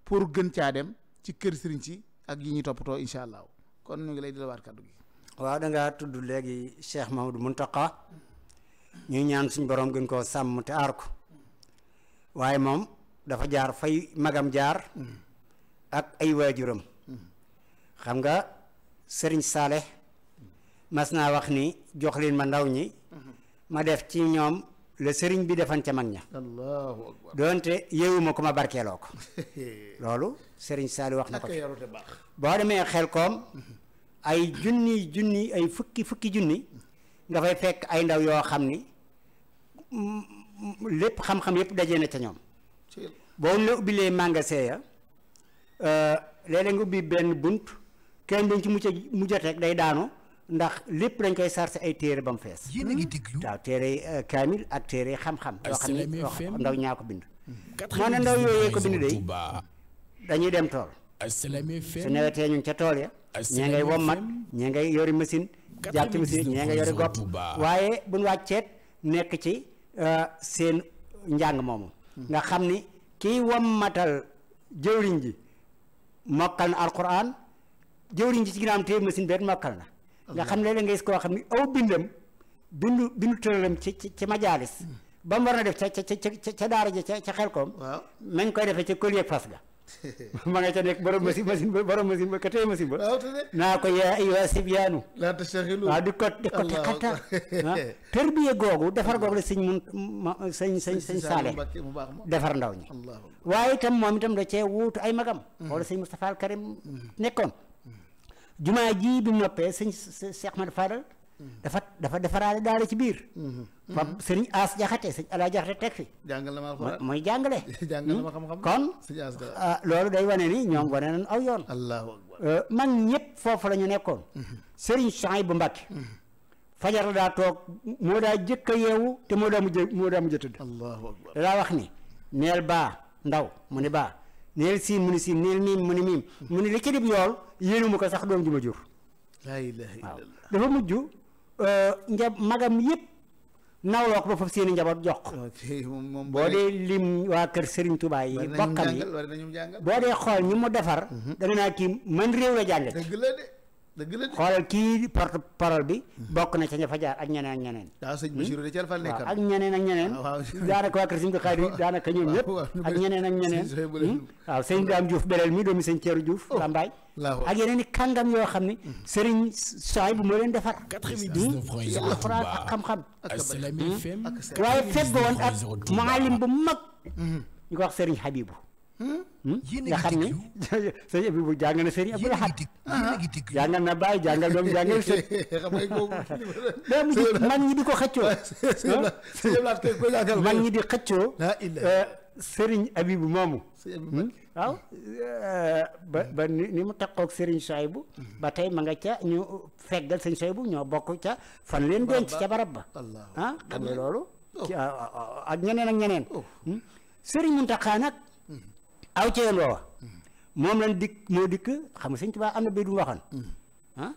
pour gën caa dem ci kër sëriñ si ak yi ñu toppatoo incha allah kon ñu ngi lay delluwaat kàddu gi waaw da tudd léegi Cheikh Mamadou Mountakha ñuy ñaan suñ borom gën koo sàmm te aar ko waaye moom dafa jaar fay magam jaar ak ay waajuram xam nga sëriñ Saale mas naa wax ni jox leen ma ndaw ñi ma def ci ñoom la sëriñ bi defan ca mag ña allahu doonte yeewuma ko ma barkeeloo ko loolu sëriñ Saali wax na ko boo demee xel koom ay junni junni ay fukki fukki junni nga fay fekk ay ndaw yoo xam ni lépp xam-xam yépp daje na ca ñoom boo ne ubbilee magasin ya euh, léeg-léeg nga ubbi benn bunt kenn dañ ci mucc mujj day daanu ndax lépp dañ koy sarse ay téere ba mu fees yéen a ngi déglu waaw téere euh, kaamil xam-xam yoo xam ne yoo ndaw ñaa ko bind moo ne ndaw yooyee ko bind day dañuy dem tool su newetee ñun ca tool ya ñee ngay wommat ñee ngay yori machine jàpp ci musique ñee nga yori gopp waaye buñ wàcceet nekk ci euh, seen njàng moomu hmm. nga xam ni kiy wammatal jëwriñ ji mokkal na alquran jëwriñ ji ci ginnaaw téye machine beet mokkal na nga xam léeg-léeg nga gis koo xam ni aw bindam bindu bindu tëralam ci ci ci majaalis hmm. ba mu war na def ca ca ca ca daara ja ca ca xel koom nañ koy defee ca collier fas ga ma nga ca nekk borom machine machine ba borom machine ba ka tey machine ba naa ko yaa ayyuha sibyaanu laa di ko di ko teqata ah tërbiye googu defar googu la sëñ mun defar ndaw ñi waaye itam moom itam da cee wuutu ay magam mm-hmm. wala sëñ Moustapha al Karim mm-hmm. nekkoon mm-hmm. jumaa ji bi mu noppee sëñ Cheikh Ahmad Fadal dafa dafa defaraale daara ci biir. fa sëriñ As Jaxate sëriñ Ala Jaxate teg fi. jàngal mooy jàngale. jàngal na ma xam-xam mm-hmm. kon. Ah, loolu day wane ni ñoom wane nañ aw yoon. allahu akbar euh, mag ñëpp foofu la ñu nekkoon. sëriñ Suhaybu Mbàkke. fajar la daa toog moo daa jëkk a yeewu te moo daa mujj moo daa mujj a tëdd. allahu wax ni. neel baa ndaw mu ni baa neel siin mu ni siin neel miim mu ni miim. Mm-hmm. mu ni li ci dib yool yéenu ko sax doom ju jur. waaw dafa mujj. Euh, njab magam yëpp nawloo ko ba foofu seen njaboot jox ko boo dee lim waa kër Serigne tubaay yi bokkam yi boo dee xool ñi mu defar mhm. da naa kii man réew la jàngat dëgg la xoolal kii porte parole bi. bokk na ca ña fa hmm? ak ñeneen ak ñeneen. waaw sëñ Bachirou ak ñeneen ak ñeneen. waaw daanaka waa kër sëñ bi xaari daanaka ñoom ñëpp. ak ñeneen ak ñeneen. waaw sëñ Dame Diouf Belel mi doomi sëñ Thierno Diouf. Oh, Lambaay ak yeneen i kàngam yoo xam ne. sëriñ Soxay bu moo leen defar. yàlla xuraan ak xam-xam. Hmm. waaye fekk woon ak muallim bu mag. Hmm. ñu ko wax sëriñ Habibou. Hmm? nga xam ni sëñ bi bu jàng na sëriñ Abdul Ahad jàngal na bàyyi jàngal doom jàngal sëriñ mag ñi di ko xëccoo mag ñi di xëccoo euh, sëriñ Abibu moomu hmm? waaw euh, ba ba ni mu takkook sëriñ Soybu hmm. ba tey ma nga ca ñu feggal sëñ bu ñoo bokk ca fan leen denc ca barab ba ah xam nga loolu oh. ah, ah, ah, ak ñeneen ak ñeneen oh. sëriñ Muntaxa nag aw ca yoon woowa moom lañ dikk moo dikk xam nga sëñ Tuubaa am na bay du waxoon ah,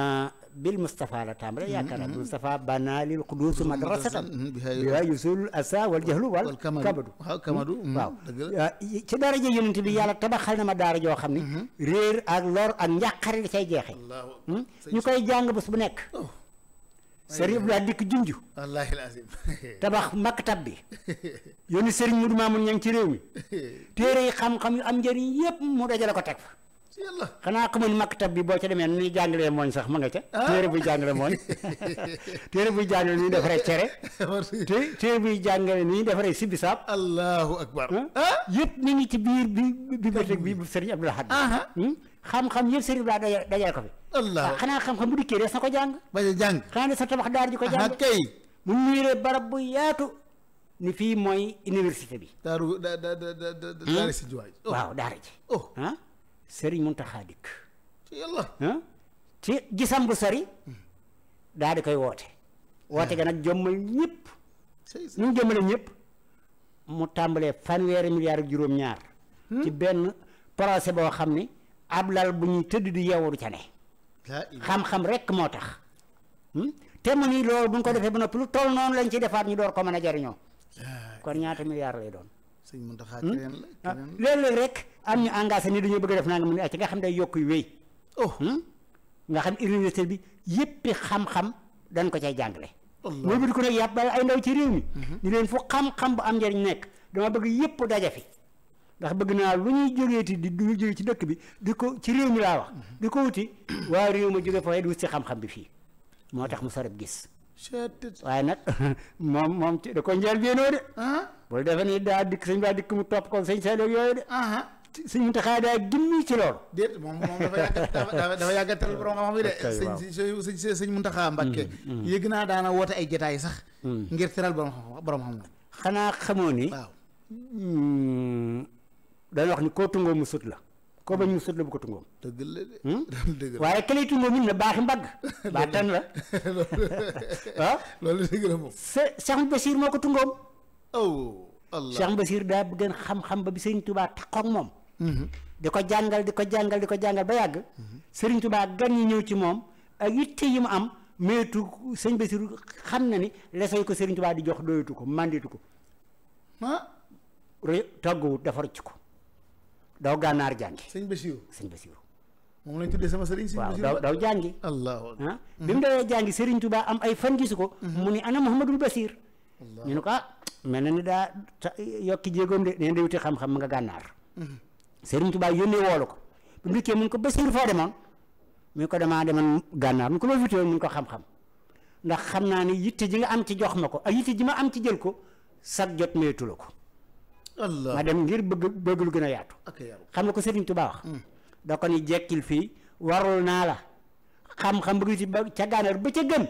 ah bil Moustapha la tàmbale yaakaar naa Moustapha banaalil xuduusu madrasatan mm-hmm. Mm-hmm. bihaa yusul asa wal jahlu wal kamadu waaw mm-hmm. Ah, ci daraja yonent bi yàlla tabaxal na ma daara joo xam ne réer ak lor ak njàqare da cay jeexe hmm? ñu koy jàng bés bu nekk oh. sëriñ Abdoulaye dikk junj. wallaahi lazim tabax maktab bi yónni sëriñ Mudu Maamun ña ngi ci réew mi téere yi xam-xam yu am njëriñ yépp mu dajale ko teg fa. yàlla xanaa xamoon maktab bi boo ca demee nuy jàngalee mooñ sax ma nga ca. Ah. téere buy jàngale mooñ téere buy jàngale nu ñuy defaree cere. te téere buy jàngale nu ñuy defaree sibbi saab. allahu akbar. Ah. Ah. yëpp ñu ngi ci biir bi bibliothèque bi bu sëriñ Abdoulaye Hadj. xam-xam yëpp Serigne Ibrahima dajale dajale ko fi. wallaahi xanaa xam-xam bu dikkee des na ko jàng. ba sa jàng xanaa des na tabax daar ji ko jàng. mu ñuuree barab bu yaatu. ni fii mooy université bi. Hmm? si jiwaay. Oh. waaw daara ji. oh ah Serigne dikk. ci gisam bu sori. daal di koy woote. woote ga nag jommal ñëpp. ñu mu jëmale ñëpp mu tàmbalee fanweeri milliards ak juróom-ñaar. Hmm? ci benn projet boo xam ni. ab lal bu ñuy tëdd di yeewu ca ne xam-xam rek moo tax hmm? te mu ni loolu bu ñu ko defee ba noppi lu toll noonu lañ ci defaat ñu door ko mën a jariñoo kon ñaata milliards lay doon sëñ Mountakha keneen hmm? la ah, léeg rek am ñu engagé ni dañoo bëgg def naa nga mu ne ci nga xam day yokk yu wéy oh. hmm? nga xam université bi yéppi xam-xam dañ ko cay jàngale mooy bi di ko nag yàpp ay ndaw ci réew mi ñu mm-hmm. leen fu xam-xam bu am njariñ nekk dama bëgg yépp daje fi ndax bëgg naa lu ñuy jógeeti di du ñuy jóge ci dëkk bi di ko ci réew mi laa wax mm-hmm. di ko wuti waa réew ma jóge foofu di wut si xam-xam bi fii moo tax mu sarab gis waaye nag moom moom ci da ko njël beenoo de ah? bul defe ni daa dikk sëñ baa dikk mu topp ko sëñ seeloog yooyu de ah, ah. sëñ Muntaxa daa gimmi ci loolu déet moom moom dafa yàgg dafa yàgg teral borom xam-xam yi de sëñ sëñ sëñ Muntaxa mm-hmm, Mbàkke mm-hmm. yëg naa daana woote ay jotaay sax mm. ngir teral borom xam borom dañu wax ni koo tungoo mu sut la koo bañ mu sut la bu ko tungoom. dëgg la hmm? dëgg la waaye këlay tungoom it na baaxi mbagg. baa tan la ah. loolu dëgg Basir moo ko tungoom. oh Allah Cheikh Basir daa bëgg xam-xam ba bi Serigne Touba taxaw moom. Mm-hmm. di ko jàngal di ko jàngal di ko jàngal ba yàgg. Mm-hmm. Serigne Touba gan ñi ñëw ci moom ak yitte yi mu am. maytu sëñ Bassirou xam na ni lesoy ko Serigne Touba di jox doyatu ko manditu ko ah togguwut defar ci ko daw gànnaar jàngi. sëñ Bassirou sëñ Bassirou. moom lañ tuddee sama sëriñ. waaw daw daw jàngi. allahu akbar ah, bi mu dawee jàngi Serigne Touba am ay fan gisu ko. Mhm. mu ni ana Mouhamadul Bassir. ñu ne ko ah mel na ni daa yokki jéegoom de nee na wuti xam-xam nga gànnaar. Mhm. Serigne tubaa yónnee woolu ko. bu ndikkee mun ko Bassir foo demoon. mu ko damaa demoon gànnaar mu ko loo mu ngi ko xam-xam. ndax xam naa ni yitte ji nga am ci jox ma ko ak yitte ji ma am ci jël ko sag jot maytu ko. ma dem ngir bëgg bëgg lu gën a yaatu xam nga ko Serigne Touba wax hmm. da ko ni jekkil fii warul naa la xam-xam bëgg ci ba ca gànnaar ba ca gën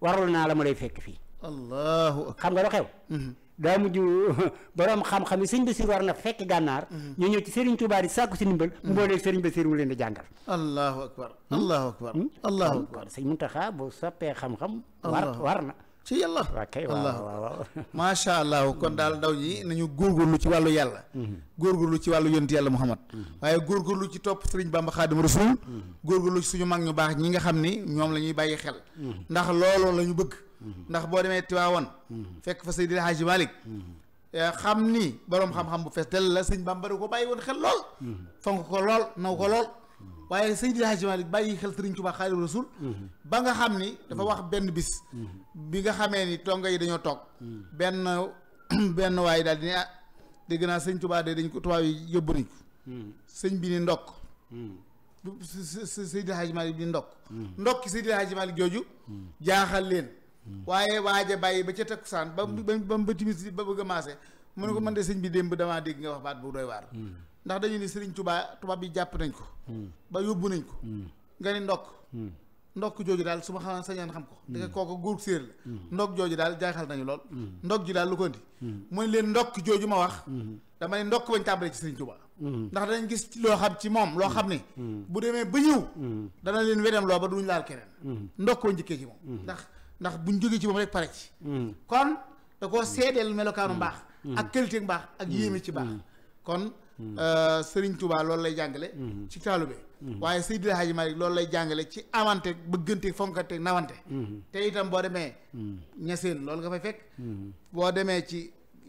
warul naa la mu lay fekk fii allahu xam nga lu xew hmm. daa mujj borom xam-xam yi sëñ Basiir war na fekk gànnaar hmm. ñu ñëw ci Serigne Touba di sàkku si ndimbal mbooleeg Serigne Basiir mu leen di jàngal allahu akbar allahu akbar allahu akbar sëñ bu soppee xam-xam war war na ci yàlla allah macha kon daal ndaw ñi nañu góorgóorlu ci wàllu yàlla góor mm-hmm. góorgóorlu ci wàllu yonent yàlla muhammad mm-hmm. waaye lu ci topp sëriñ bamba xaadim rasul lu ci suñu mag ñu baax ñi nga xam ni ñoom la ñuy bàyyi xel mm-hmm. ndax looloo la ñu bëgg ndax boo demee Tiwaawan fekk fa Seydil Haaji Malick eh, xam ni boroom xam-xam bu fees del la sëriñ bamba da ko bàyyi woon xel lool fonk ko lool naw ko lool waaye sëñ di Hajji bàyyi xel Sëriñ Tuubaa Xaadimu Rasuul mhm. ba nga xam ni dafa mhm. wax benn bis mhm. bi nga xamee ni tonga yi dañoo toog benn benn waaye daal di ne ah dégg naa sëñ Tuubaa dañ ko tubaab yi yóbbu nañ sëñ bi ni ndokk Seydi Hajji Malik bi ndokk ndokki Seydi Hajji Malik jooju jaaxal leen waaye waaja bàyyi ba ca takkusaan ba ba ba timis ba bëgg a maase mu ne ko mën de sëñ bi démb damaa dégg nga wax baat bu doy waar ndax dañu ni Serigne tubaa tubaab bi jàpp nañ ko. Hmm. ba yóbbu nañ ko. Hmm. nga ni ndokk. Hmm. ndokk jooju daal su ma xam sañaan xam ko. da nga kooku góor séer la. ndokk jooju daal jaaxal nañu lool. ndokk ji daal lu ko indi. mu ne leen ndokk jooju ma wax. damay ndokk bañ tàmbalee ci Serigne Touba. ndax danañ gis loo xam ci moom loo xam ne. bu demee ba ñëw. dana leen wedam loo ba duñ laal keneen. ndokk bañ njëkkee ci moom. ndax ndax buñ jógee ci moom rek pare ci. kon da koo seedeel melokaanu mbaax. ak qualité mbaax ak yéeme ci baax kon Euh, Serigne tubaa loolu lay jàngale mm-hmm. ci taalube mm-hmm. waaye Seydil Hadji Malick loolu lay jàngale ci amante bëggante fonkante nawante mm-hmm. te itam boo demee ñaseen loolu nga fay fekk boo demee ci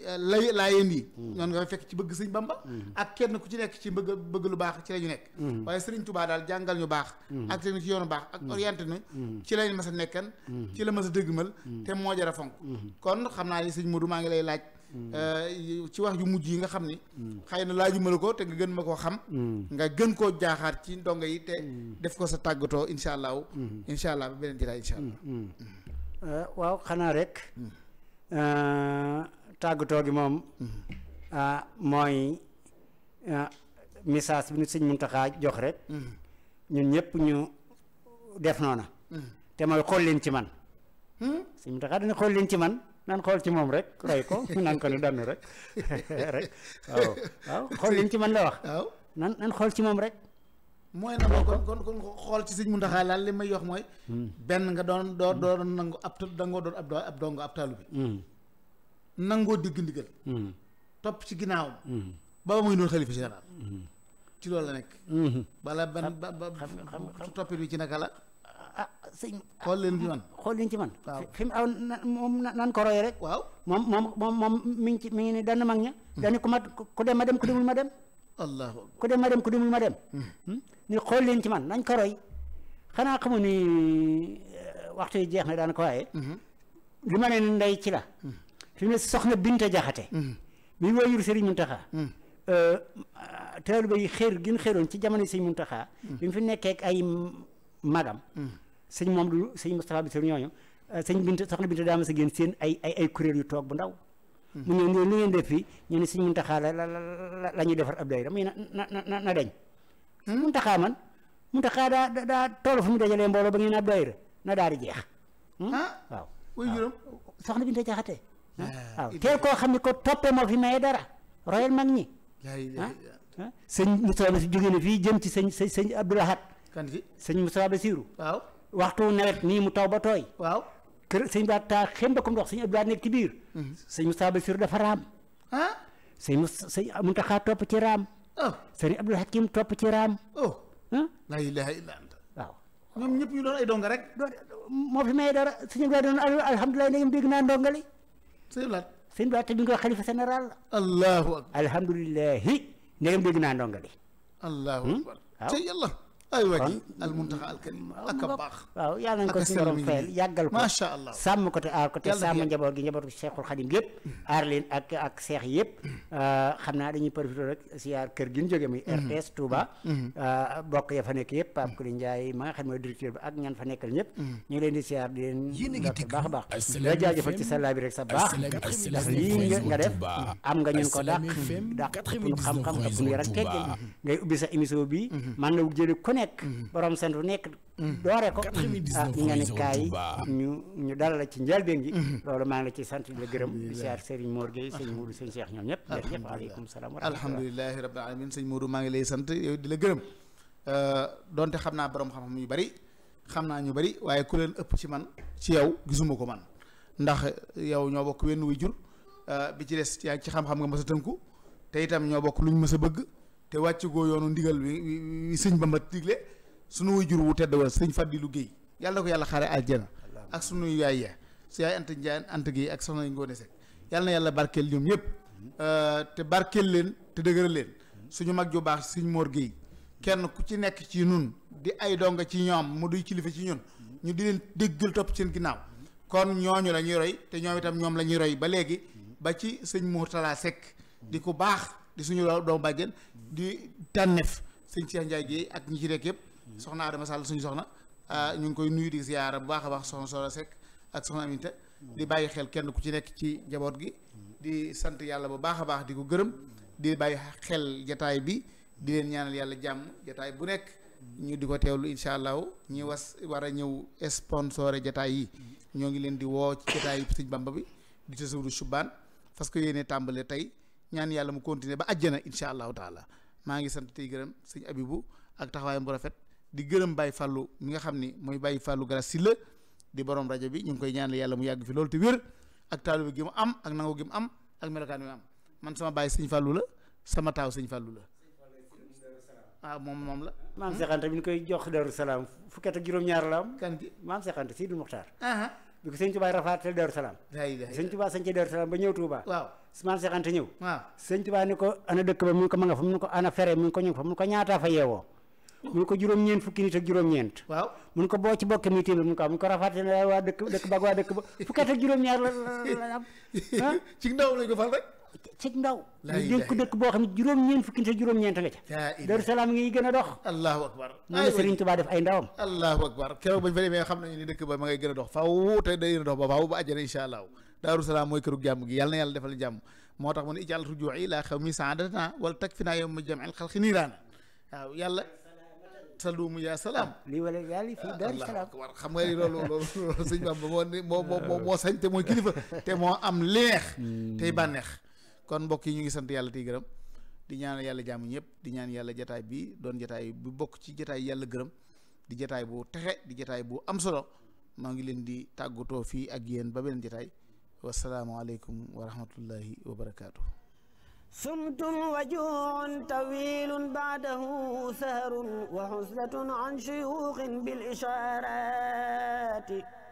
euh, lay laayeen yi ñoon nga fay fekk ci bëgg sëñ Bamba ak kenn ku ci nekk ci bëgg bëgg lu baax ci la ñu nekk waaye Serigne Touba daal jàngal ñu baax ak te ñu ci yoonu baax ak orienté ñu ci lañ mas a nekkan ci la mas a te moo jar a fonk kon xam naa ni sëñ Modou maa ngi lay laaj ci wax yu mujj yi nga xam ni mm. xëy na laaj laajuma la ko te nga gën ma koo xam mm. nga gën koo jaaxaat ci ndongo yi te mm. def ko sa tàggatoo insha allahu mm-hmm. insha allah ba beneen jëlaay insha allah mm-hmm. mm-hmm. uh, waaw xanaa rek uh, tàggatoo gi moom uh, mooy message bi ñu sëñ Muntaxa jox rek ñun ñëpp ñu def noona te mooy xool leen ci man hmm? sëñ Muntaxa dana xool ci man nan xool ci moom rek roy ko nan ko ni dannu rek waaw waaw xool liñ ci mën la wax waaw nan nan xool ci moom rek mooy na ko kon kon kon xool ci sëñ Muntaxa laal li may wax mooy hmm. benn nga doon doo doon nangu ab dangoo doon ab ab dongo ab taalu bi hmm. nangoo digg ndigal hmm. topp ci ginnaawam baba muy noonu xalifa général ci loolu la nekk bala ban ba ba toppit bi ci naka la ah sëñ. Ah, xool leen ci xool leen ci man. waaw fi mu aw moom naan ko roy rek. waaw moom moom moom moom mi ngi ci mi ngi ni dana mag ña. Hmm. dañu ku ma ku dem ma dem ku demul ma dem. allah ku dem ma dem ku ma dem. Hmm. Hmm? ni xool leen ci man nañ ko roy xanaa xamu ni eh, waxtu yi jeex na daanaka waaye. li ma ne ci la. fi mu ne soxna Binta Jaxate mi wayur Serigne Mountakha. Eh, taalibe yi xéer gin xéeroon ci jamono Serigne Mountakha. bi mi fi nekkee ay magam. sëñ moom du sëñ Moustapha Bissirou ñooñu euh, sëñ Bint soxna Bint daa ma sa génn seen ay ay yu toog bu ndaw. Hmm. mu ñëw ne li ngeen def fii ñu la la la ñuy defar ab daayira muy na na na na dañ. Hmm? Muntaxa man Muntaxa daa daa toolu fu mu dajalee mbooloo ba ngeen ab daayira na daal di jeex. Hmm? ah waaw waaw juróom soxna ah, koo xam ne ko toppee moo fi maye dara royal mag ñi. Ah? ah sëñ Moustapha si jógee na fii jëm ci sëñ sëñ Abdoulahat. kan fi sëñ Moustapha Bassirou waaw. waxtu nawet nii mu taw ba tooy. waaw kër sëñ Ba taa xem ba comme ndox sëñ Abdoulaye nekk ci biir. Mhm. sëñ Moustapha Bassirou dafa raam. ah sëñ Moussa sëñ Mountakha topp ci raam. ah oh. sëñ Abdoul Hakim topp oh. la ilaha ay donga rek. moo fi may dara sëñ Abdoulaye doon ndegem dégg naa ndongali. sëñ Abdoulaye. te bi nga ko xalifa général la. ay waji al muntaxa a baax waaw yàlla nañ ko suñu borom gi njabootu Cheikhul Xadim yëpp mm-hmm. aar leen ak ah, naa dañuy profité rek siyaar kër gi ñu jóge muy mm-hmm. RTS Touba mm-hmm. ah, bokk ya fa nekk yëpp Pape Kuli Ndiaye ma nga xam ne mooy directeur bi ñu leen leen dokk baax a baax la jaajëfal ci sa laaj bi sa baax ndax lii nga def am nga ñun ko dàq dàq ñu xam-xam ak ñu yar ak ngay ubbi sa émission bi man la jële nekk. Mhm. borom sant bu nekk. Mhm. doore ko ah nga ne kaay ñu ñu dal la ci njëlbeen gi. Mhm. loolu maa ngi la ciy sant di la gërëm. di siyaar Serigne Mor Gueye sëñ Mourou sëñ Cheikh ñoom ñëpp. jërëjëf waaleykum salaam wa rahmatulah. alhamdulilah rabbil alamin sëñ Mourou maa ngi lay sant yow di la gërëm. Euh, donte xam naa borom xam-xam yu bari xam naa ñu bari waaye ku leen ëpp ci man ci yow gisuma ko man ndax yow ñoo bokk wenn wu jur euh, bi ci des yaa ci xam-xam nga mës a tënku te a te wàcc yoonu ndigal wi sëñ Bamba digle sunu waajur wu tedd wa sëñ Fadilou Guèye yàlla na ko yàlla xaare aljana ak sunu yaay ya su yaay Anta Ndiaye Anta Guèye ak soxna Ngoone Seck yàlla na yàlla barkeel ñoom ñëpp euh, te barkeel leen te dëgëral leen suñu mag ju baax sëñ moor Guèye kenn ku ci nekk ci nun di ay donga ci ñoom mu duy kilifa ci ñun ñu di leen déggal topp seen ginnaaw kon ñooñu la ñuy roy te ñoom itam ñoom la ñuy roy ba léegi ba ci sëñ Mourtala Seck di suñu doomu bàjjen di tànneef sëñ Cheikh Ndiaye Guèye ak ñi ci rek yëpp soxna Adama Sall suñu soxna ah, ñu ngi koy nuyu di ziyaara bu baax a baax soxna Soxna Seck ak soxna Aminta di bàyyi xel kenn ku ci nekk ci njaboot gi di sant yàlla bu baax a baax di ko gërëm di bàyyi xel jataay bi di leen ñaanal yàlla jàmm jataay bu nekk ñu di ko teew lu incha allahu ñu was war a ñëw sponsoré jataay yi ñoo ngi leen di woo ci jataay yi Bamba bi di tasawuru subaan parce que yéene tàmbale tey ñaan yàlla mu continuer ba àjjana incha allahu taala maa ngi sant tey gërëm sëñ abibu ak taxawaayam bu rafet di gërëm Baye Fallou mi nga xam ni muy mooy Baye Fallou si la di borom rajo bi ñu ngi koy ñaanal yàlla mu yàgg fi loolu te wér ak taalibe gi mu am ak nangoo gi mu am ak melokaan bi mu am man sama baay sëñ Fallou la sama taaw sañ Fallou la. ah moom moom la. maam Seex Anta bi ñu koy jox Darou Salaam fukki at ak juróom-ñaar la am. kan gi maam Seex Anta bi ko sëñ Touba rafaatal Daaru Salaam sëñ Touba sañ ba ñëw Touba waaw Maam Cheikh Anta ñëw waaw sëñ ana dëkk ba ko ma nga fa ko ana fere mu ko ñu fa mu ko ñaataa fa yeewoo mu ko juróom-ñeent fukki nit juróom-ñeent waaw ko boo ci bokk mi téeméer mu ko mu ngi ko rafaatal waa fukki at juróom-ñaar la cig ndaw ñu dénk ko dëkk boo xam ne juróom-ñeent fukki nit juróom-ñeent nga ca Daaru ngi gën a dox allahu akbar noonu la Sëriñ Tuubaa def ay ndawam allahu akbar keroog bañ fa demee xam nañu ni dëkk ba ma ngay a dox faw te day gën a dox ba faw ba àjjana insha allah Daaru Salaam mooy këru jàmm gi yàlla na yàlla defal jàmm moo tax mu ne ijaal rujuu'i ilaa qawmi saadatana wala takfinaa yawma jam'il xalqi niiraana waaw yàlla salumu yaa salaam ah, lii wala yàlla fii Daaru Salaam war xam nga loolu loolu loolu te mooy kilifa te moo am leex hmm. tey bànneex kon mbokk yi ñu ngi sant yàlla tey gërëm di ñaan yàlla jaamu ñëpp di ñaan yàlla jataay bi doon jataay bu bokk ci jataay yàlla gërëm di jataay bu texe di jataay bu am solo maa ngi leen di tàggatoo fii ak yéen ba beneen jataay wasalaamaaleykum wa rahmatullahi wa barakaatu. sumtum wajuun baadahu saharun wa xuslatun an shuyuuxin bil